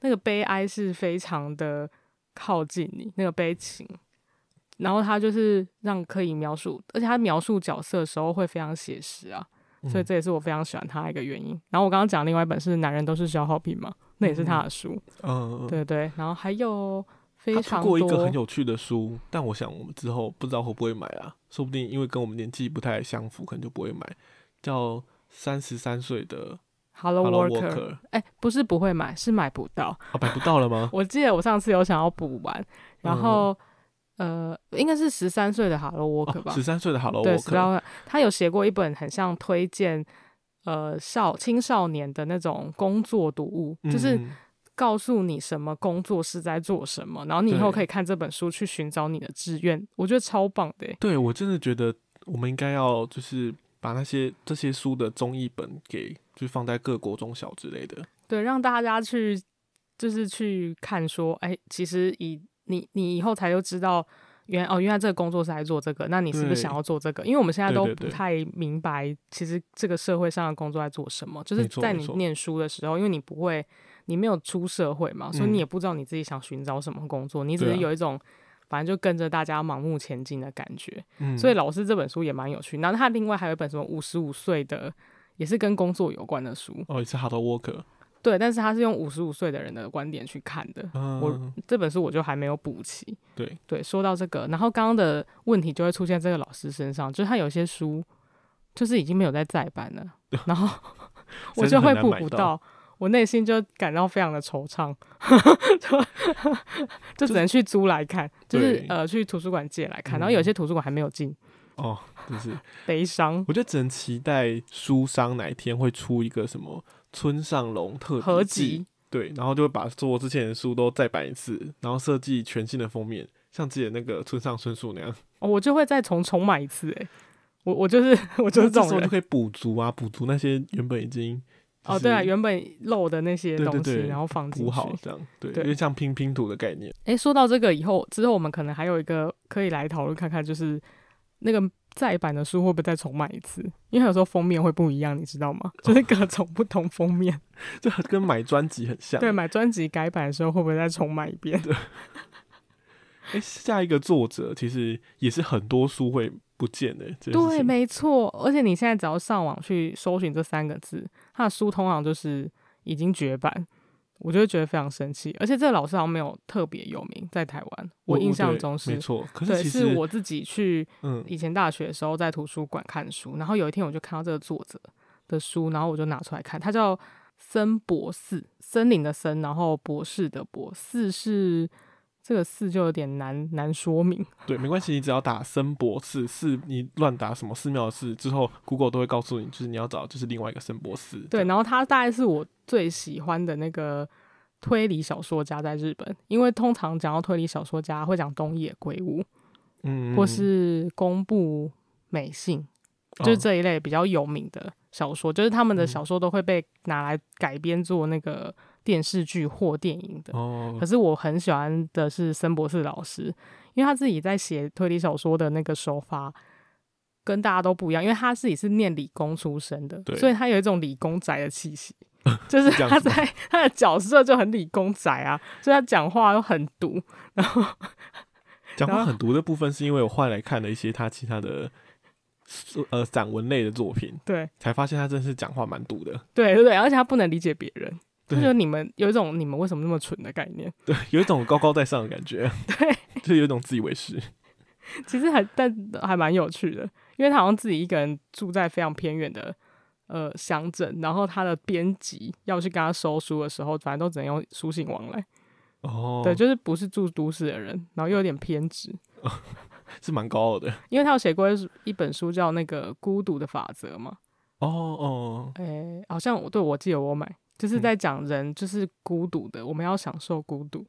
那個悲哀是非常的靠近你，那個悲情。然後他就是讓可以描述，而且他描述角色的時候會非常寫實啊，嗯、所以這也是我非常喜歡他的一個原因。然後我剛剛講的另外一本是《男人都是消耗品》嘛、嗯，那也是他的書，嗯，嗯對對、嗯。然後還有非常多，他出過一個很有趣的書，但我想我們之後不知道會不會買啊，說不定因為跟我們年紀不太相符，可能就不會買。叫三十三歲的 Hello, Hello Worker。哎、欸，不是不會買，是買不到啊，買不到了嗎？ 我記得我上次有想要補完，然後。嗯呃，應該是十三歲的哈羅沃克吧，十三歲的哈羅沃克。對，他有寫過一本很像推薦，呃，少青少年的那種工作讀物，嗯、就是告訴你什麼工作是在做什麼，然後你以後可以看這本書去尋找你的志願，我覺得超棒的。對，我真的覺得我們應該要就是把那些這些書的中譯本給就放在各國中小之類的，對，讓大家去就是去看說，哎、欸，其實以。你你以後才知道原來，哦，原來這個工作是在做這個，那你是不是想要做這個？因為我們現在都不太明白，其實這個社會上的工作在做什麼。就是在你念書的時候，因為你不會，你沒有出社會嘛，所以你也不知道你自己想尋找什麼工作，嗯，你只是有一種反正就跟着大家盲目前進的感覺，啊。所以老師這本書也蠻有趣，那他另外還有一本什麼五十五歲的，也是跟工作有關的書哦，也是 hard worker 對，但是他是用五十五歲的人的觀點去看的。嗯，我這本書我就還沒有補齊。對對，說到這個，然後剛剛的問題就會出現在這個老師身上，就是他有些書就是已經沒有在再版了，然後我就會補不到，到我內心就感到非常的惆悵， 就， 就只能去租來看，就是呃去圖書館借來看，嗯，然後有些圖書館還沒有進哦，就是 悲傷，我就只能期待書商哪天會出一個什麼。村上隆特輯合集，對，然後就會把做的之前的書都再版一次，然後設計全新的封面，像之前那個村上春樹那樣，哦。我就會再重重買一次，誒，我我就是我就是這種人，我就可以補足啊，補足那些原本已經、就是、哦對啊，原本漏的那些東西，對對對，然後放補好這樣對，對，因為像拼拼圖的概念。誒、欸，說到這個以後，之後我們可能還有一個可以來討論看看，就是那個。再版的書會不會再重買一次？因為有時候封面會不一樣，你知道嗎？就是各種不同封面，這、哦、跟買專輯很像。 對，買專輯改版的時候會不會再重買一遍？對、欸、下一個作者其實也是很多書會不見的。對，沒錯。而且你現在只要上網去搜尋這三個字，他的書通常就是已經絕版。我就覺得非常生氣，而且這個老師好像沒有特別有名，在台灣。我印象中是沒錯，可是對，是我自己去，嗯，以前大學的時候在圖書館看書，嗯，然後有一天我就看到這個作者的書，然後我就拿出來看，他叫森博嗣，森林的森，然後博士的博，嗣是這個嗣就有點難難說明。對，沒關係，你只要打森博嗣，嗣你亂打什麼寺廟的寺之後，Google 都會告訴你，就是你要找就是另外一個森博嗣。對，然後他大概是我。最喜歡的那個推理小說家在日本，因為通常講到推理小說家，會講東野圭吾，嗯，或是宮部美幸，哦，就是這一類比較有名的小說，就是他們的小說都會被拿來改編做那個電視劇或電影的。哦、可是我很喜歡的是森博士老師，因為他自己在寫推理小說的那個手法。跟大家都不一樣，因為他自己是念理工出身的，所以他有一種理工宅的氣息。就是他在 他的角色就很理工宅啊，所以他講話都很毒。然後講話很毒的部分，是因為我換來看了一些他其他的 呃散文類的作品，對，才發現他真的是講話蠻毒的。對對對，而且他不能理解別人，就是你們有一種你們為什麼那麼蠢的概念，對，有一種高高在上的感覺， 對，就有一種自以為是。其實還但還蠻有趣的。因為他好像自己一個人住在非常偏遠的呃鄉鎮，然後他的編輯要去跟他收書的時候，反正都只能用書信往來。哦、oh.，對，就是不是住都市的人，然後又有點偏執，oh. 是蠻高傲的。因為他有寫過一本書叫《那個孤獨的法則》嘛。哦哦，哎，好像我對我記得我買，就是在講人就是孤獨的、嗯，我們要享受孤獨，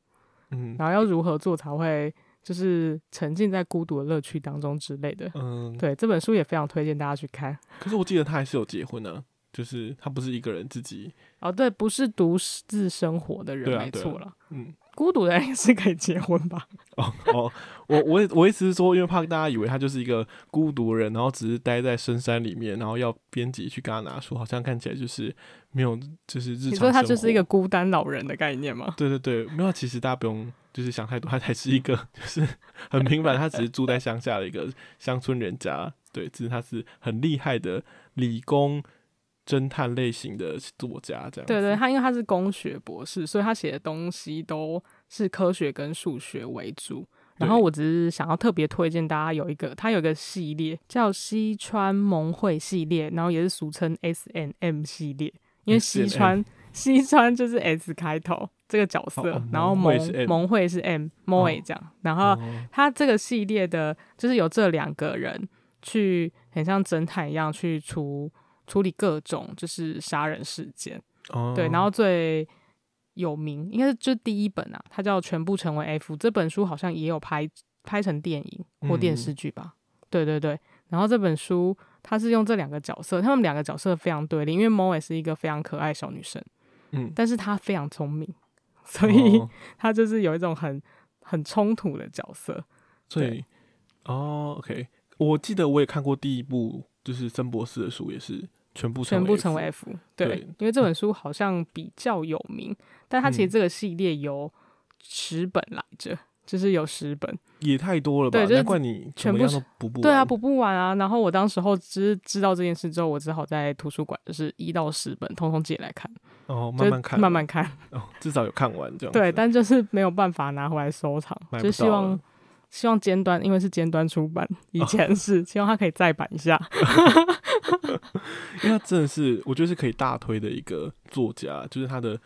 嗯，然後要如何做才會。就是沉浸在孤獨的樂趣當中之類的，嗯，對，這本書也非常推薦大家去看。可是我記得他還是有結婚呢，啊，就是他不是一個人自己，哦，對，不是獨自生活的人，啊，沒錯了，啊，嗯。孤獨的，人是可以結婚吧？哦哦，我我我意思是說，因為怕大家以為他就是一個孤獨人，然後只是待在深山裡面，然後要編輯去給他拿書，好像看起來就是沒有，就是日常。你說他就是一個孤單老人的概念嗎？對對對，沒有，其實大家不用就是想太多，他才是一個就是很平凡，他只是住在鄉下的一個鄉村人家。對，只，就是他是很厲害的理工偵探類型的作家這樣，對對，他因為他是工學博士，所以他寫的東西都是科學跟數學為主。然後我只是想要特別推薦大家有一個，他有一個系列叫西川萌繪系列，然後也是俗稱 S N M 系列，因為西川、SMM、西川就是 S 開頭這個角色，oh, 然後萌萌繪是 M 是 m o、oh, 這樣。然後他這個系列的就是由這兩個人去，很像偵探一樣去除。處理各種就是殺人事件、哦，對，然後最有名應該是就第一本啊，它叫《全部成為 F》這本書，好像也有拍拍成電影或電視劇吧，嗯，對對對，然後這本書它是用這兩個角色，他們兩個角色非常對立，因為萌繪也是一個非常可愛的小女生，嗯，但是她非常聰明，所以，哦，她就是有一種很很衝突的角色，所以對哦，OK，我記得我也看過第一部。就是曾博士的書也是全部全部成為 F，成為 F 對，對，因為這本書好像比較有名，嗯、但它其實這個系列有十本來着、嗯，就是有十本，也太多了吧？就是怪你不全部補不，對啊，補不完啊。然後我當時候只知道這件事之後，我只好在圖書館，就是一到十本通通借來看，哦，慢慢看，慢慢看，至少有看完這樣。對，但就是沒有辦法拿回來收藏，就希望。希望尖端，因為是尖端出版，以前是、哦、希望他可以再版一下， 因為他真的是我覺得是可以大推的一個作家，就是他的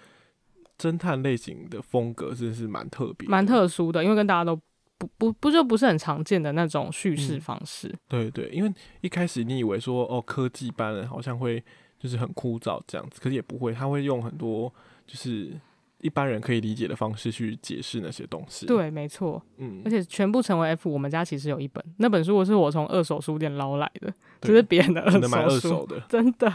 偵探類型的風格真的是蠻特別、蠻特殊的，因為跟大家都不不不就不是很常見的那種敘事方式、嗯。對對，因為一開始你以為說哦科技班好像會就是很枯燥這樣子，可是也不會，他會用很多就是。一般人可以理解的方式去解釋那些東西，對，沒錯，嗯，而且全部成為 F。我們家其實有一本，那本書我是我從二手書店撈來的，就是別人的二手書買，二手的，真的，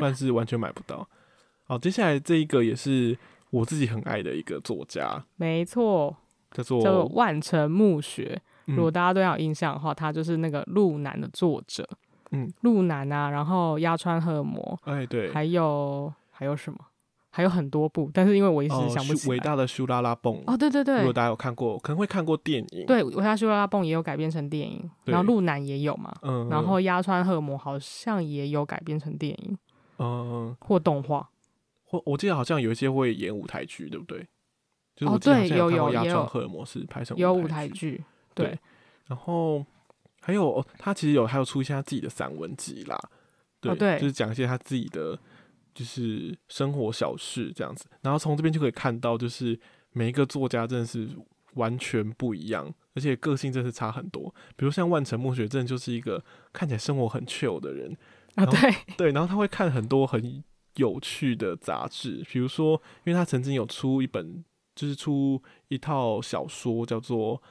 但是完全買不到。 好，接下來這一個也是我自己很愛的一個作家，沒錯，叫做叫萬城目學。如果大家都要有印象的話，他就是那個《鹿男》的作者，嗯，《鹿男》啊，然後赫《鴨川荷爾摩》，哎，對，還有還有什麼？還有很多部，但是因為我一直是想不起偉、呃、大的咻啦啦嘣，哦，對對對，如果大家有看過，可能會看過電影。對，偉大咻啦啦嘣也有改編成電影，然後鹿男也有嘛，嗯，然後鴨川荷爾摩好像也有改編成電影，嗯，或動畫，或我記得好像有一些會演舞台劇，對不對？哦，就是、我記得對，有有有鴨川荷爾摩是拍成有舞台劇，對，然後還有、哦、他其實有還有出一些自己的散文集啦，對，哦、對就是講一些他自己的。就是生活小事這樣子，然後從這邊就可以看到，就是每一個作家真的是完全不一樣，而且個性真是差很多。比如像萬城目學，真的就是一個看起來生活很 chill 的人啊，哦，對對，然後他會看很多很有趣的雜誌，比如說，因為他曾經有出一本，就是出一套小說，叫做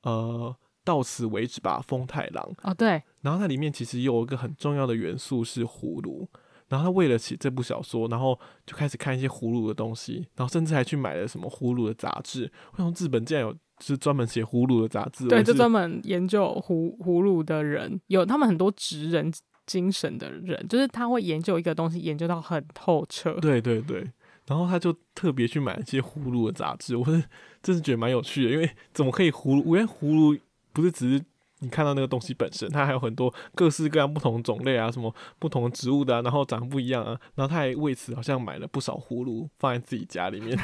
呃，到此為止吧，風太郎，哦、對，然後它裡面其實有一個很重要的元素是葫蘆。然後他為了寫這部小說，然後就開始看一些葫蘆的東西，然後甚至還去買了什麼葫蘆的雜誌。為什麼日本竟然有是專門寫葫蘆的雜誌？對，就專門研究葫葫蘆的人，有他們很多職人精神的人，就是他會研究一個東西研究到很透徹。對對對，然後他就特別去買一些葫蘆的雜誌。我是真是覺得蠻有趣的，因為怎麼可以葫蘆？我覺得葫蘆不是只是。你看到那個東西本身，它還有很多各式各樣不同種類啊，什麼不同植物的啊，然後長得不一樣啊，然後他也為此好像買了不少葫蘆放在自己家裡面，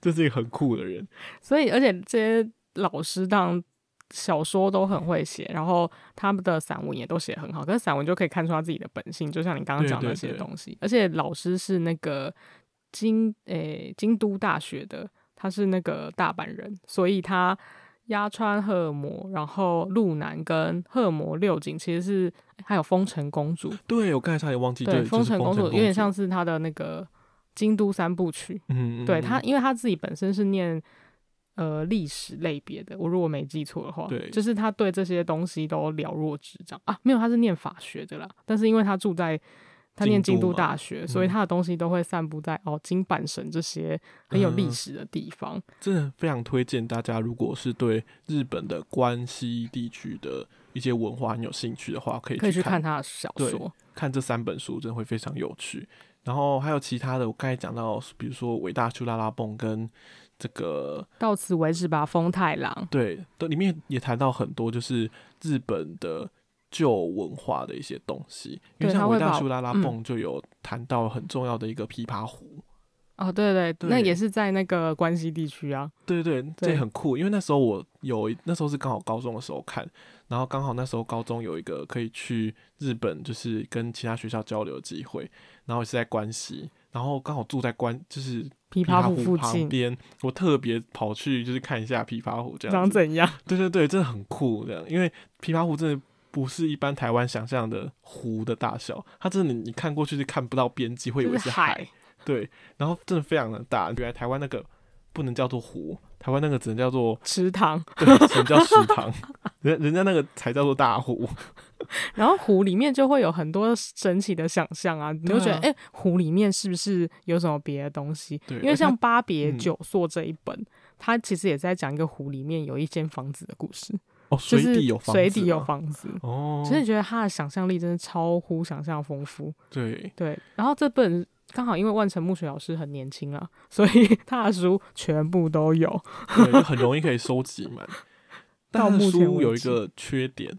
這 是一個很酷的人。所以，而且這些老師當然小說都很會寫，然後他們的散文也都寫得很好。可是散文就可以看出他自己的本性，就像你剛剛講的那些東西。對對對。而且老師是那個京誒、欸、京都大學的，他是那個大阪人，所以他。鴨川荷爾摩，然後鹿男跟荷爾摩六景其實是還有豐臣公主。對，我剛才差點忘記。對，豐臣公主、就是、豐臣公主有點像是他的那個京都三部曲。嗯，嗯，對他，因為他自己本身是念呃歷史類別的，我如果沒記錯的話，對，就是他對這些東西都了若指掌啊。沒有，他是念法學的啦，但是因為他住在。他念京都大學都，所以他的東西都會散布在、嗯、哦，京阪神這些很有歷史的地方、嗯。真的非常推薦大家，如果是對日本的關西地區的一些文化很有興趣的話，可以可以去看他的小說，對，看這三本書，真的會非常有趣。然後還有其他的，我剛才講到，比如說《偉大丘拉拉蹦》跟這個《到此為止吧，風太郎》，對，都裡面也談到很多，就是日本的。舊文化的一些東西，因為像維大叔拉拉蹦就有談到很重要的一個琵琶湖。哦、嗯，對對對，那也是在那個關西地區啊。對對對，對，這很酷，因為那時候我有，那時候是剛好高中的時候看，然後剛好那時候高中有一個可以去日本，就是跟其他學校交流的機會，然後也是在關西，然後剛好住在關，就是琵琶湖旁邊，我特別跑去就是看一下琵琶湖這，這樣長怎樣？對對對，真的很酷，這樣，因為琵琶湖真的。不是一般台灣想象的湖的大小，它真的你看過去是看不到邊際，會以為是海。對，然後真的非常的大。原來台灣那個不能叫做湖，台灣那個只能叫做池塘，對，只能叫池塘。 人人家那個才叫做大湖。然後湖裡面就會有很多神奇的想象啊，你就會覺得，誒、啊欸，湖裡面是不是有什麼別的東西？對，因為像《巴別九碩》這一本、嗯，它其實也在講一個湖裡面有一間房子的故事。哦，水底有水底有房子，就是有房子哦，其實你覺得他的想象力真的超乎想象豐富。對對，然後這本剛好因為萬城目學老師很年輕啊，所以他的書全部都有，對，就很容易可以收集嘛。 但書有一個缺點，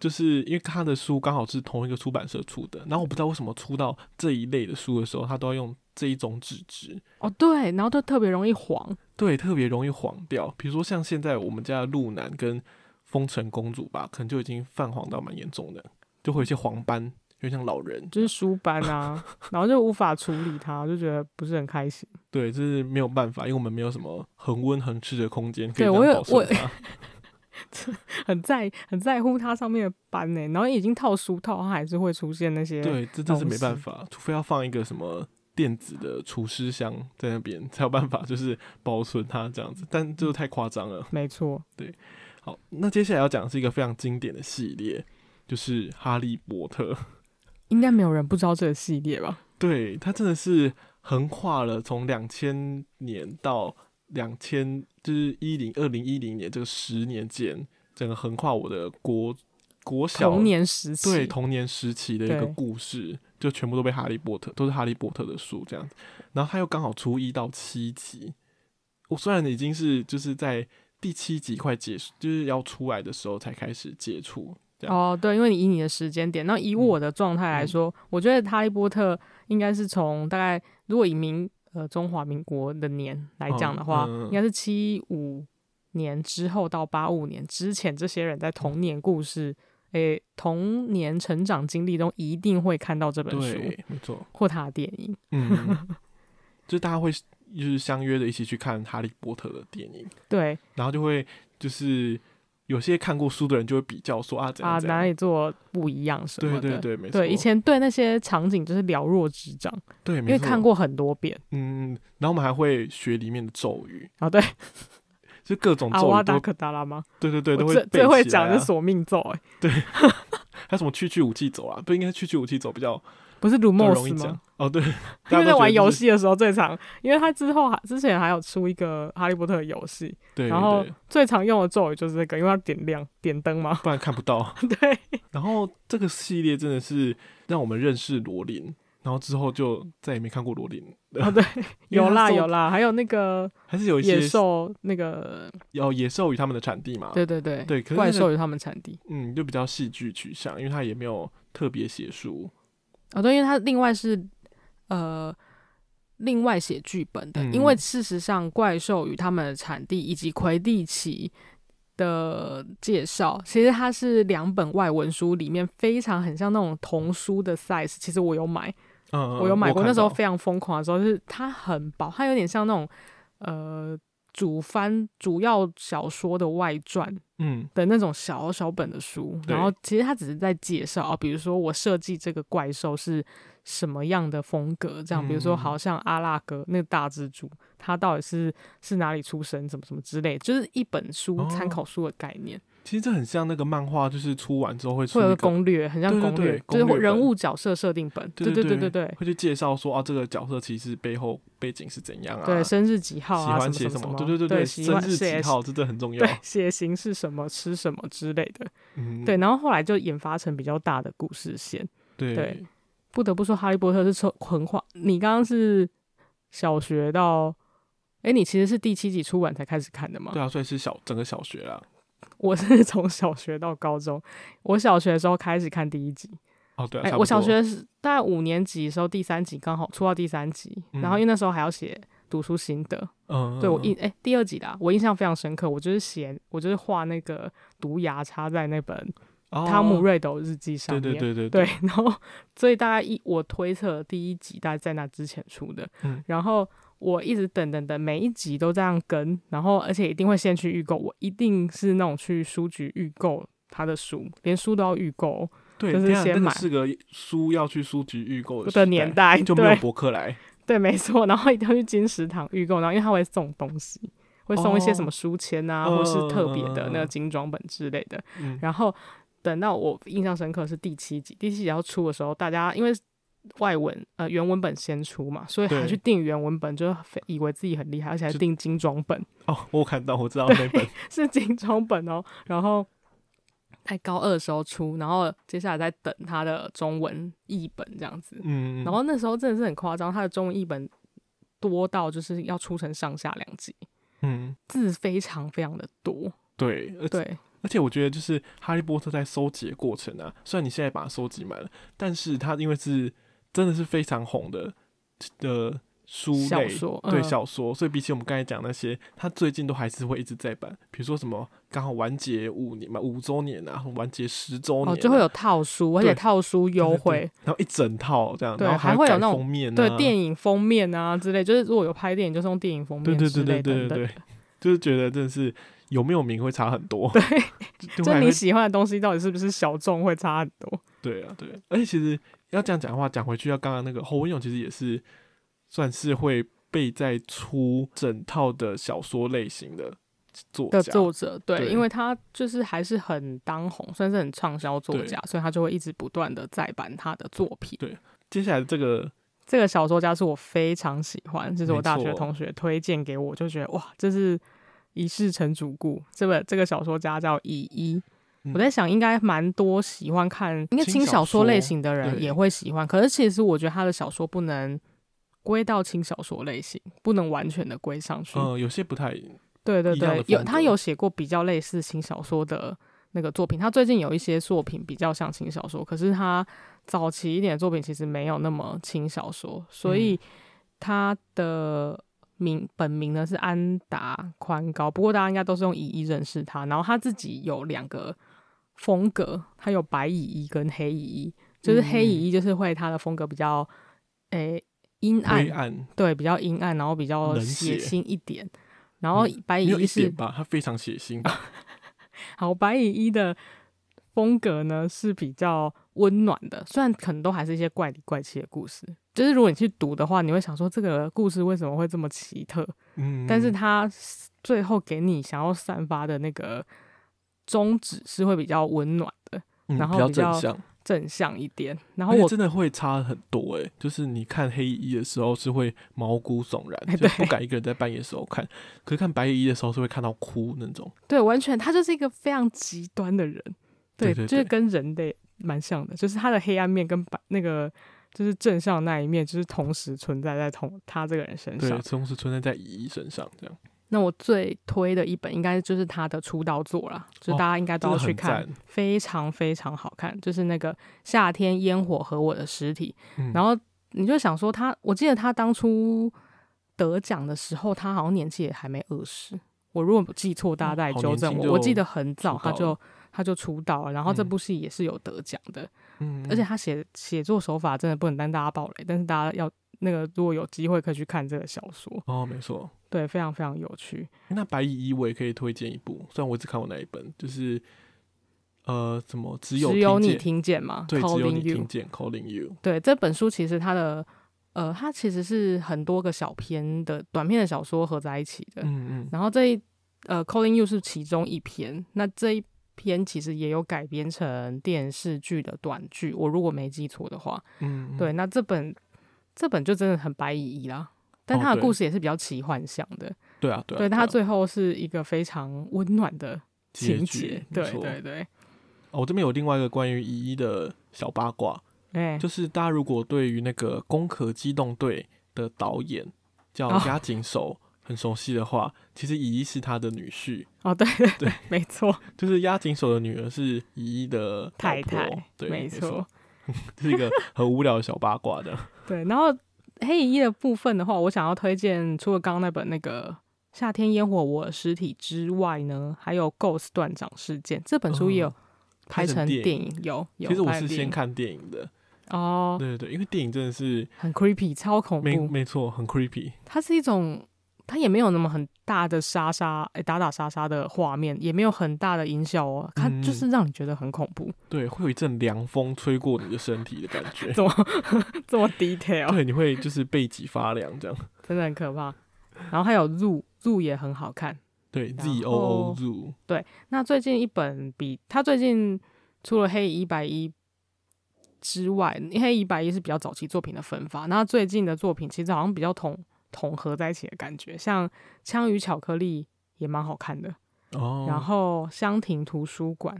就是因為他的書剛好是同一個出版社出的，然後我不知道為什麼出到這一類的書的時候，他都要用這一種紙質。哦，對，然後都特別容易黃，對，特別容易黃掉。比如說像現在我們家的路南跟。封城公主吧，可能就已經泛黃到蠻嚴重的，就會有些黃斑，有點像老人，就是書斑啊。 然後就無法處理它，就覺得不是很開心。對，就是沒有辦法，因為我們沒有什麼恆溫恆濕的空間可以保存它。對，我有 很在很在乎它上面的斑呢、欸，然後已經套書套，它還是會出現那些。對，這真是沒辦法，除非要放一個什麼電子的除濕箱在那邊才有辦法，就是保存它這樣子。但就是太誇張了。沒錯，對。好，那接下來要講的是一個非常經典的系列，就是《哈利波特》。應該沒有人不知道這個系列吧？ 對，它真的是橫跨了從兩千年到兩千，就是一零二零一零年這個十年間，整個橫跨我的國國小童年時期，對童年時期的一個故事，就全部都被《哈利波特》都是《哈利波特》的書這樣。然後它又剛好出一到七集，我雖然已經是就是在。第七集快結束，就是要出來的時候才開始接觸這樣哦。對，因為你以你的時間點，那以我的狀態來說，嗯，我覺得《哈利波特》應該是從大概，如果以民呃中華民國的年來講的話，嗯嗯，應該是七五年之後到八五年之前，這些人在童年故事，誒、嗯欸、童年成長經歷中一定會看到這本書，沒錯，或他的電影，嗯， 就大家會。就是相約的一起去看《哈利波特》的電影，對，然後就會就是有些看過書的人就會比較說啊怎樣怎樣，啊哪裡做不一樣什麼對，對對對，沒錯，對以前對那些場景就是了若指掌，對，沒錯，因為看過很多遍，嗯，然後我們還會學裡面的咒語啊，對， 就各種咒語阿瓦達克達拉嗎？對對對，最最會講、啊、是索命咒、欸，哎，對， 還有什麼去去武器走啊？不應該去去武器走比較。不是魯莫斯嗎？哦，對， 因為在玩遊戲的時候最常，因為他之後還，之前還有出一個哈利波特遊戲，對，然後最常用的咒語就是這個，因為它，點亮點燈嘛、嗯，不然看不到。 對，然後這個系列真的是讓我們認識羅琳，然後之後就再也沒看過羅琳。哦，對，有啦有啦，還有那個還是有一些野獸，那個有野獸與他們的產地嘛？對對對，對，可是就是，怪獸與他們產地，嗯，就比較戲劇取向，因為他也沒有特別寫書。哦，對，因為他另外是，呃，另外寫劇本的。嗯、因為事實上，《怪獸與他們的產地》以及《魁地奇》的介紹，其實它是兩本外文書裡面非常很像那種童書的 size。其實我有買，嗯、我有買過。那時候非常瘋狂的時候，就是它很薄，它有點像那種，呃。主翻主要小說的外傳，嗯的那種小小本的書，嗯、然後其實他只是在介紹啊，比如說我設計這個怪獸是什麼樣的風格，這樣、嗯，比如說好像阿拉格那個大蜘蛛，他到底是是哪裡出生，怎麼怎麼之類，就是一本書參考書的概念。哦其實這很像那個漫畫，就是出完之後會會有攻略，很像攻略，對對對，就是人物角色設定本，對對對對對本，對對對對對，會去介紹說啊，這個角色其實背後背景是怎樣啊，對，生日幾號啊，喜歡寫什,什,什,什麼，對對對對、對、對喜歡，生日幾號這的、個、很重要，對，寫型是什麼吃什麼之類的，對，然後後來就引發成比較大的故事線，對、對不得不說哈利波特是說很火，你剛剛是小學到，哎、欸，你其實是第七集出版才開始看的嗎？對啊，所以是小整個小學啊。我是從小學到高中，我小學的時候開始看第一集哦，對、啊，哎、欸，我小學是大概五年級的時候，第三集剛好出到第三集，嗯，然後因為那時候還要寫讀書心得，嗯，對我印哎、欸、第二集的，我印象非常深刻，我就是寫我就是畫那個毒牙插在那本，哦、湯姆瑞德日記上面，對對對對,對,對,對，然後所以大概一我推測第一集大概在那之前出的，嗯，然後。我一直等等等，每一集都這樣跟，然後而且一定會先去預購，我一定是那種去書局預購他的書，連書都要預購，對就是先買。是，是個書要去書局預購的時代的年代，就沒有博客來，對。對，沒錯。然後一定要去金石堂預購，然後因為他會送東西，會送一些什麼書籤啊，哦、或是特別的、呃、那個精裝本之類的。嗯、然後等到我印象深刻是第七集，第七集要出的時候，大家因為。外文呃，原文本先出嘛，所以還去訂原文本，就以為自己很厲害，而且還訂精裝本哦。我看到，我知道那本是精裝本哦。然後在高二的時候出，然後接下來再等他的中文譯本這樣子。嗯，然後那時候真的是很誇張，他的中文譯本多到就是要出成上下兩集。嗯，字非常非常的多。對，對，而且我覺得就是《哈利波特》在收集的過程啊，雖然你現在把它收集滿了，但是它因為是。真的是非常紅的的、呃、書小說、嗯、對小說，所以比起我們剛才講那些，他最近都還是會一直在版，比如說什麼剛好完結五年嘛，五周年啊，完結十周年、啊哦，就會有套書，而且套書優惠，對對對，然後一整套這樣，對，然後還會、啊、還會有那種封面，對電影封面啊之類，就是如果有拍電影，就是用電影封面之類等等，對，對對對對對對，就是覺得真的是有沒有名會差很多，對 就，就你喜歡的東西到底是不是小眾會差很多，對啊對，而且其實。要這樣講的話，講回去要剛剛那個侯文詠，其實也是算是會被在出整套的小說類型的作的作者對，對，因為他就是還是很當紅，算是很暢銷作家，所以他就會一直不斷的再版他的作品。對，接下來這個這個小說家是我非常喜歡，這，就是我大學同學推薦給我，就覺得哇，這是一世成主顧，這個這個小說家叫乙一。我在想，應該蠻多喜歡看應該輕小說類型的人也會喜歡。可是其實我覺得他的小說不能歸到輕小說類型，不能完全的歸上去。嗯、呃，有些不太對，對，對，有他有寫過比較類似輕小說的那個作品。他最近有一些作品比較像輕小說，可是他早期一點的作品其實沒有那麼輕小說。所以他的名本名呢是安達寬高，不過大家應該都是用乙一認識他。然後他自己有兩個，風格，它有白乙一跟黑乙一，就是黑乙一就是會它的風格比較，誒、欸、陰暗,暗，對，比較陰暗，然後比較血腥一點，然後白乙一是、嗯、有一點吧？它非常血腥。 好，白乙一的風格呢是比較溫暖的，雖然可能都還是一些怪裡怪氣的故事，就是如果你去讀的話，你會想說這個故事為什麼會這麼奇特？嗯,嗯，但是它最後給你想要散發的那個。中指是會比較溫暖的，嗯，然後比較正向一點。然後我真的會差很多誒、欸,就是你看黑衣的時候是會毛骨悚然，就不敢一個人在半夜的時候看，可是看白衣的時候是會看到哭那種。對，完全他就是一個非常極端的人，對，對對對，就是跟人類蠻像的，就是他的黑暗面跟白那個就是正向那一面，就是同時存在在同他這個人身上，對，同時存在在姨姨身上這樣。那我最推的一本應該就是他的出道作了，就大家應該都要去看，哦，非常非常好看，就是那個《夏天煙火和我的屍體》嗯。然後你就想說他，我記得他當初得獎的時候，他好像年紀也還沒二十。我如果不記錯，大家再糾正我。嗯、我記得很早他就他就出道了，然後這部戲也是有得獎的。嗯，而且他寫寫作手法真的不能讓大家爆雷，但是大家要。那個，如果有機會可以去看這個小說哦，沒錯，對，非常非常有趣。那白乙一我也可以推薦一部，雖然我只看過那一本，就是呃，什麼只有只有你聽見嗎？Calling you，Calling you，對，這本書其實它的呃，它其實是很多個小篇的短篇的小說合在一起的，嗯嗯。然後這一呃，Calling you 是其中一篇，那這一篇其實也有改編成電視劇的短劇，我如果沒記錯的話嗯嗯，對，那這本。這本就真的很白乙一啦，但他的故事也是比較奇幻想的。哦、對，對，啊對，啊對啊，對，對他最後是一個非常溫暖的情節。對對對，我、哦、這邊有另外一個關於乙一的小八卦，哎、欸，就是大家如果對於那個《攻殼機動隊》的導演叫押井守、哦、很熟悉的話，其實乙一是他的女婿。哦，對對對，沒錯，就是押井守的女兒是乙一的太太。對，沒錯。沒錯 是一個很無聊的小八卦的 。對，然後黑衣的部分的話，我想要推薦，除了剛剛那本那個《夏天煙火我的屍體》之外呢，還有《Ghost 斷掌事件》這本書也有拍成電影、嗯、拍成電影，有有。其實我是先看電影的哦。對對對，因為電影真的是很 creepy，超恐怖。沒沒錯，很 creepy。它是一種，它也沒有那麼很。大的沙沙，哎、欸、打打殺殺的畫面也沒有很大的音效哦，它就是讓你覺得很恐怖。嗯、對，會有一陣涼風吹過你的身體的感覺。怎 麼這麼 detail？對，你會就是背脊發涼這樣，真的很可怕。然後還有 Zoo，Zoo 也很好看。對，Zoo，對。那最近一本比他最近除了《黑乙一》、《白乙一》之外，《黑乙一》、《白乙一》是比較早期作品的分法。那最近的作品其實好像比較統。統合在一起的感覺，像《槍與巧克力》也蠻好看的，oh, 然後《箱庭圖書館》，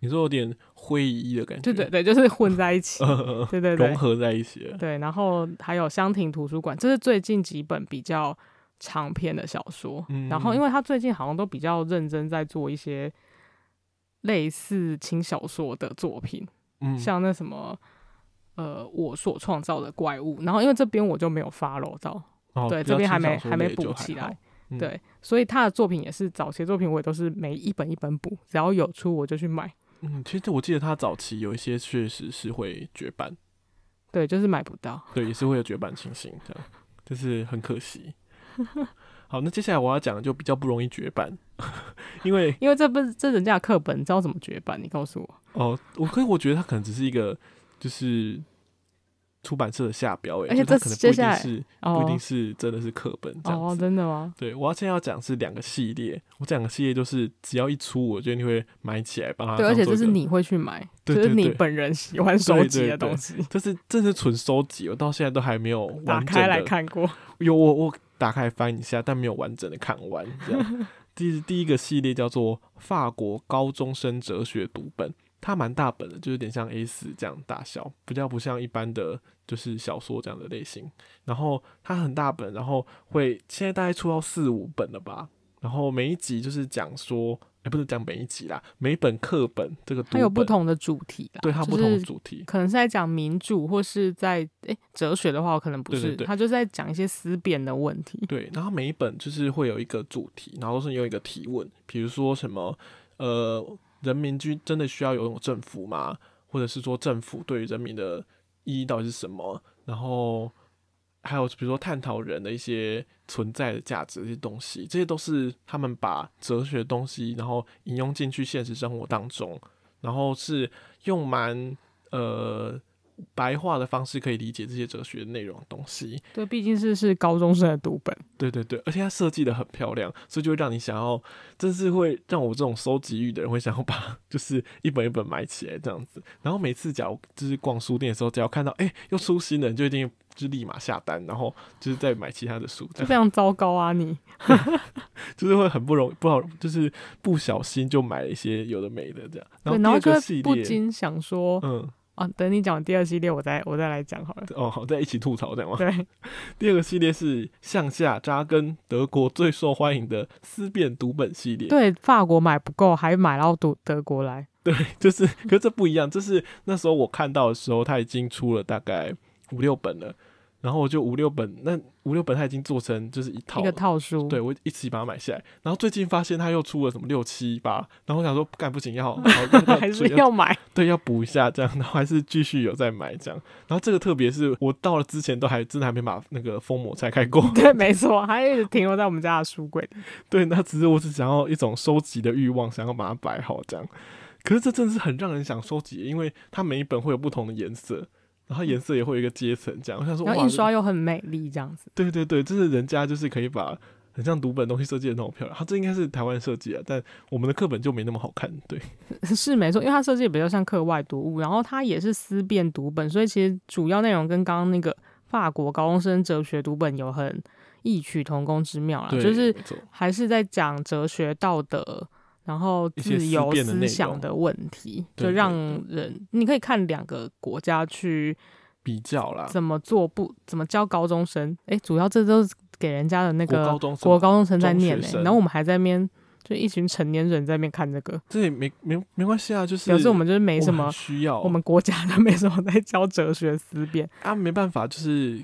你說有點灰議的感覺，對對對，就是混在一起， 對對，對融合在一起。對，然後還有《箱庭圖書館》就，這是最近幾本比較長篇的小說。嗯、然後，因為他最近好像都比較認真在做一些類似輕小說的作品，嗯，像那什麼，呃，我所創造的怪物。然後，因為這邊我就沒有 follow 到。哦、對，這邊還沒還沒補起來、嗯。對，所以他的作品也是早期作品，我也都是每一本一本補，只要有出我就去買。嗯，其實我記得他早期有一些確實是會絕版，對，就是買不到，對，也是會有絕版情形，這樣就是很可惜。 好，那接下來我要講的就比較不容易絕版，因為因為這不是這人家的課本，你知道怎麼絕版？你告訴我。哦，我可以，我覺得他可能只是一個就是。出版社的下標哎，而且這可能不一定是、哦、不一定是真的是課本這樣，哦，真的嗎？對，我要現在要講是兩個系列，我這兩個系列就是只要一出，我覺得你會買起來幫他。而且這是你會去買，對對對，就是你本人喜歡收集的東西。對對對對，這是這是純收集，我到現在都還沒有打開來看過。有我我打開翻一下，但沒有完整的看完。這樣 第第一個系列叫做《法國高中生哲學讀本》。它蠻大本的，就是有點像 A 四這樣大小，比較不像一般的，就是小說這樣的類型。然後它很大本，然後會現在大概出到四五本了吧？然後每一集就是講說，哎、欸，不是講每一集啦，每一本課本這個本它有不同的主題的，對，它不同的主題，就是、可能是在講民主，或是在哎、欸、哲學的話，我可能不是，對對對它就是在講一些思辨的問題。對，然後每一本就是會有一個主題，然後是有一個提問，比如說什麼，呃。人民真的需要有政府嗎？或者是說政府對於人民的意義到底是什麼？然後還有比如說探討人的一些存在的價值這些東西，這些都是他們把哲學的東西然後引用進去現實生活當中，然後是用蠻呃。白話的方式可以理解這些哲學內容的東西。對，畢竟是是高中生的讀本。對對對，而且它設計的很漂亮，所以就會讓你想要，真是會讓我這種收集慾的人會想要把，就是一本一本買起來這樣子。然後每次只要就是逛書店的時候，只要看到哎、欸、又出新的，就一定就立馬下單，然後就是再買其他的書。這樣非常糟糕啊！你， 就是會很不容易不好，就是不小心就買了一些有的沒的這樣。然後那個，然後就是不禁想說，嗯。啊、哦，等你講第二系列我，我再我再來講好了。哦，好，再一起吐槽，對嗎？對。第二個系列是向下扎根，德國最受歡迎的思辨讀本系列。對，法國買不夠，還買到德德國來。對，就是，可是這不一樣，就是那時候我看到的時候，他已經出了大概五六本了。然後我就五六本，那五六本他已經做成就是一套一個套書，對，我一起把它買下來。然後最近發現它又出了什麼六七八，然後我想說幹不行，要，然後要還是要買？對，要補一下這樣，然後還是繼續有在買這樣。然後這個特別是我到了之前都還真的還沒把那個封膜拆開過，對，沒錯，還一直停留在我們家的書櫃的。對，那只是我只想要一種收集的慾望，想要把它擺好這樣。可是這真是很讓人想收集，因為它每一本會有不同的顏色。然後顏色也會有一個階層，這樣。我說，然後印刷又很美麗，這樣子。對對對，就是人家就是可以把很像讀本東西設計的那麼漂亮。它、啊、這應該是台灣設計啊，但我們的課本就沒那麼好看。對，是沒錯，因為它設計也比較像課外讀物，然後它也是思辨讀本，所以其實主要內容跟剛剛那個法國高中生哲學讀本有很異曲同工之妙啊，就是還是在講哲學道德。然後自由思想的問題，就讓人對對對對，你可以看兩個國家去比較啦，怎麼做不怎麼教高中生？誒、欸，主要這都是給人家的那個國高、國高中生在念、欸、生然後我們還在面就一群成年人在面看這個，這也沒沒沒沒關係啊，就是表示我們就是沒什麼需要、哦，我們國家都沒什麼在教哲學思辨啊，沒辦法，就是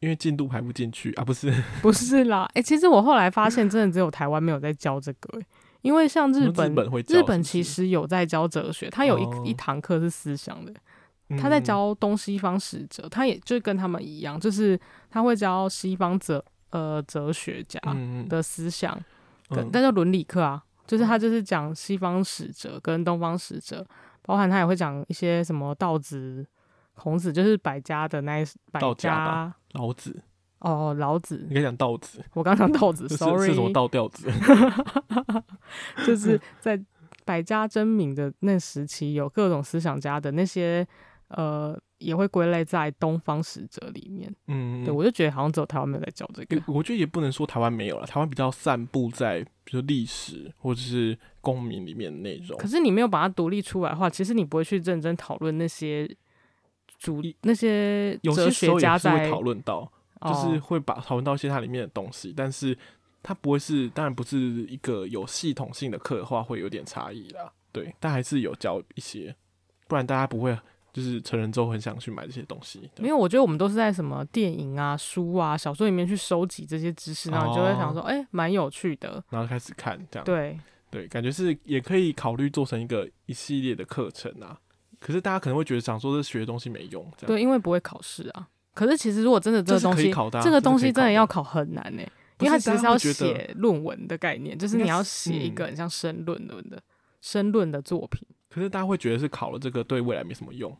因為進度排不進去啊，不是不是啦，誒、欸，其實我後來發現，真的只有台灣沒有在教這個、欸因為像日本,日本會教是不是?，日本其實有在教哲學，他有一一堂課是思想的，他、嗯、在教東西方史哲，他也就跟他們一樣，就是他會教西方哲呃哲學家的思想，嗯、但叫倫理課啊、嗯，就是他就是講西方史哲跟東方史哲，包含他也會講一些什麼道子、孔子，就是百家的那百家,道家吧，老子。哦，老子，你可以講道子，我剛剛講道子、 就是、，sorry，是什麼道調子？ 就是在百家爭鳴的那時期，有各種思想家的那些，呃，也會歸類在東方使者裡面。嗯，對，我就覺得好像只有台灣沒有在教這個。我覺得也不能說台灣沒有了，台灣比較散布在，比如說歷史或者是公民裡面的那種。可是你沒有把它獨立出來的話，其實你不會去認真討論那些主那些哲學家在討論到。就是會把討論到一些它裡面的東西，但是它不會是，當然不是一個有系統性的課的話，會有點差異啦。對，但還是有教一些，不然大家不會就是成人之後很想去買這些東西。因為我覺得我們都是在什麼電影啊、書啊、小說裡面去收集這些知識，然後你就會想說，誒，哦，欸，蠻有趣的，然後開始看這樣。對對，感覺是也可以考慮做成一個一系列的課程啊。可是大家可能會覺得，想說這學的東西沒用，對，因為不會考試啊。可是其實如果真的這個東西，就是、這個東西真的要考很難呢、欸，因為它其實是要寫論文的概念，是就是你要寫一個很像申論論的申論、嗯、的作品。可是大家會覺得是考了這個對未來沒什麼用。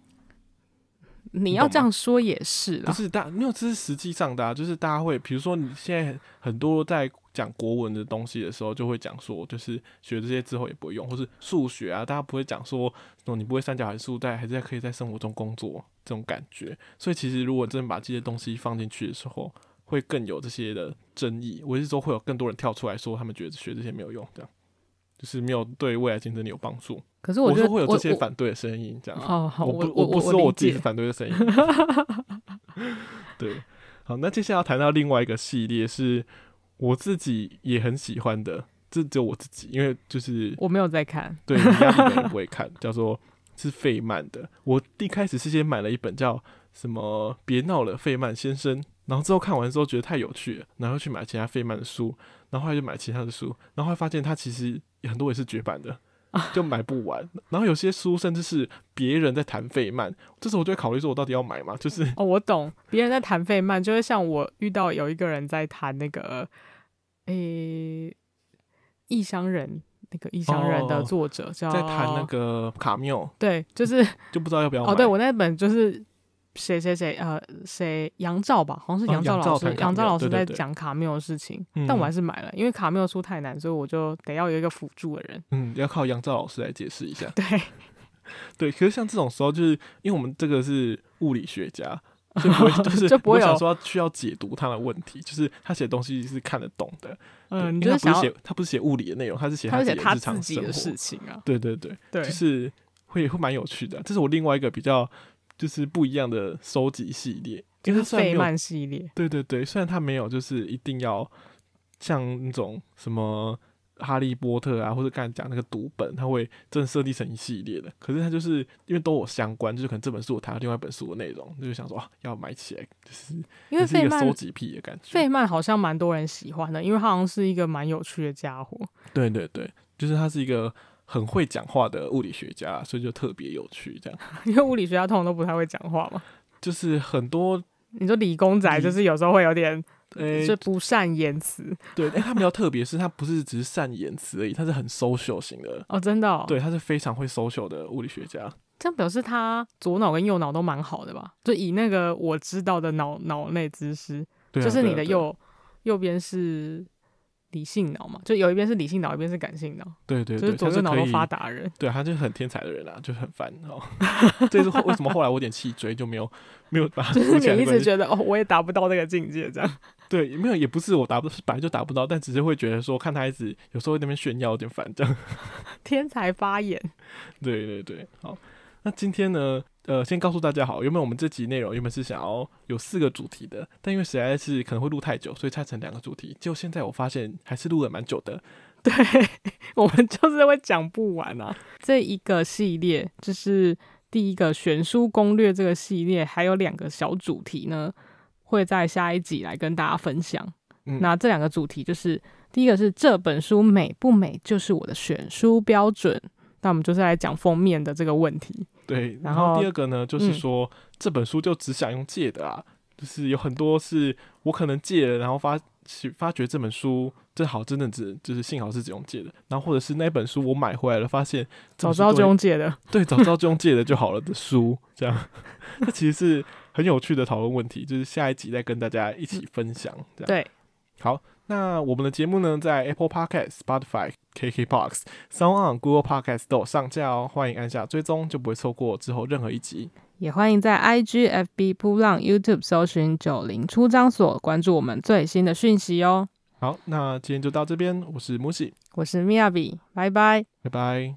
你要這樣說也是啦，不是大，因為這是實際上的、啊，就是大家會，比如說你現在很多在。講國文的東西的時候，就會講說，就是學這些之後也不會用，或是數學啊，大家不會講說，說、哦、你不會三角函數，但還是在可以在生活中工作這種感覺。所以其實如果你真的把這些東西放進去的時候，會更有這些的爭議。我是說會有更多人跳出來說，他們覺得學這些沒有用，這樣就是沒有對未來競爭力有幫助。可是我，就我是會有這些反對的聲音我，這樣。哦、好，我不我不是說我自己是反對的聲音。 對，好，那接下來要談到另外一個系列是。我自己也很喜歡的，這只有我自己，因為就是我沒有在看，對，一樣的人不會看， 叫做是費曼的。我一開始是先買了一本叫什麼《別鬧了，費曼先生》，然後之後看完之後覺得太有趣了，然後去買其他費曼的書，然後又買其他的書，然後發現它其實很多也是絕版的。 就買不完，然後有些書甚至是別人在談費曼，這時候我就會考慮說我到底要買嗎？就是哦，我懂，別人在談費曼，就會、是、像我遇到有一個人在談那個誒《異鄉人》，那個《異鄉人》的作者、哦、叫在談那個卡繆，對，就是、嗯、就不知道要不要買。哦，對我那本就是。誰誰誰？呃，誰，楊照吧？好像是楊照老師。楊、啊、照老師在講卡繆的事情，但我還是買了，因為卡繆書太難，所以我就得要有一個輔助的人。嗯，要靠楊照老師來解釋一下。對，對。可是像這種時候，就是因為我們這個是物理學家，就就是 就不會有，會想說要需要解讀他的問題，就是他寫東西是看得懂的。嗯，你不是寫他不是寫物理的內容，他是寫他寫他，他自己的事情啊。對對對，對，就是會會蠻有趣的啊。這是我另外一個比較。就是不一樣的收集系列，就是費曼系列。對對對，雖然它沒有就是一定要像那種什麼哈利波特啊，或者剛才講那個讀本，他會真的設計成一系列的。可是他就是因為都有相關，就是可能這本書我談到另外一本書的內容，就是想說啊要買起來，就是因為是一個收集癖的感覺。費曼好像蠻多人喜歡的，因為他好像是一個蠻有趣的家伙。對對對，就是他是一個。很會講話的物理學家，所以就特別有趣，這樣。 因為物理學家通常都不太會講話嘛。就是很多，你說理工仔，就是有時候會有點，呃、欸，就不善言辭。對，欸、他們比較特別，是他不是只是善言辭而已，他是很 social 型的。哦，真的、哦。對他是非常會 social 的物理學家。這樣表示他左腦跟右腦都蠻好的吧？就以那個我知道的腦腦內知識，就是你的右、啊啊啊、右邊是。理性腦嘛，就有一邊是理性腦，一邊是感性腦。對，對對，就是左右腦都發達人。對，他就是很天才的人啊，就很煩哦。好 這是後為什麼後來我有點棄追，就沒有沒有把，就是你一直覺得哦，我也達不到那個境界，這樣。 對，沒有也不是我達不到，本來就達不到，但只是會覺得說看他一直有時候那邊炫耀，有點煩這樣。 天才發言。對對對，好。那今天呢，呃，先告訴大家好，原本我們這集內容原本是想要有四個主題的，但因為實在是可能會錄太久，所以拆成兩個主題。就現在我發現還是錄了蠻久的，對，我們就是會講不完啊。 這一個系列就是第一個選書攻略這個系列，還有兩個小主題呢，會在下一集來跟大家分享。嗯、那這兩個主題就是第一個是這本書美不美，就是我的選書標準。那我們就是來講封面的這個問題。對，然後第二個呢，就是說、嗯、這本書就只想用借的啊，就是有很多是我可能借了，然後發去發覺這本書，正好真的只就是幸好是只用借的，然後或者是那本書我買回來了，發現早知道就用借的，對，早知道就用借的就好了的書， 這樣， 這其實是很有趣的討論問題，就是下一集再跟大家一起分享，嗯、這樣，對，好。那我們的節目呢，在 Apple Podcast、Spotify、KKBox、SoundOn、Google Podcast 都有上架哦，歡迎按下追蹤，就不會錯過之後任何一集。也歡迎在 IGFB 噗浪 YouTube 搜尋“九零出張所”，關注我們最新的訊息哦。好，那今天就到這邊，我是木西，我是咪阿比，拜拜，拜拜。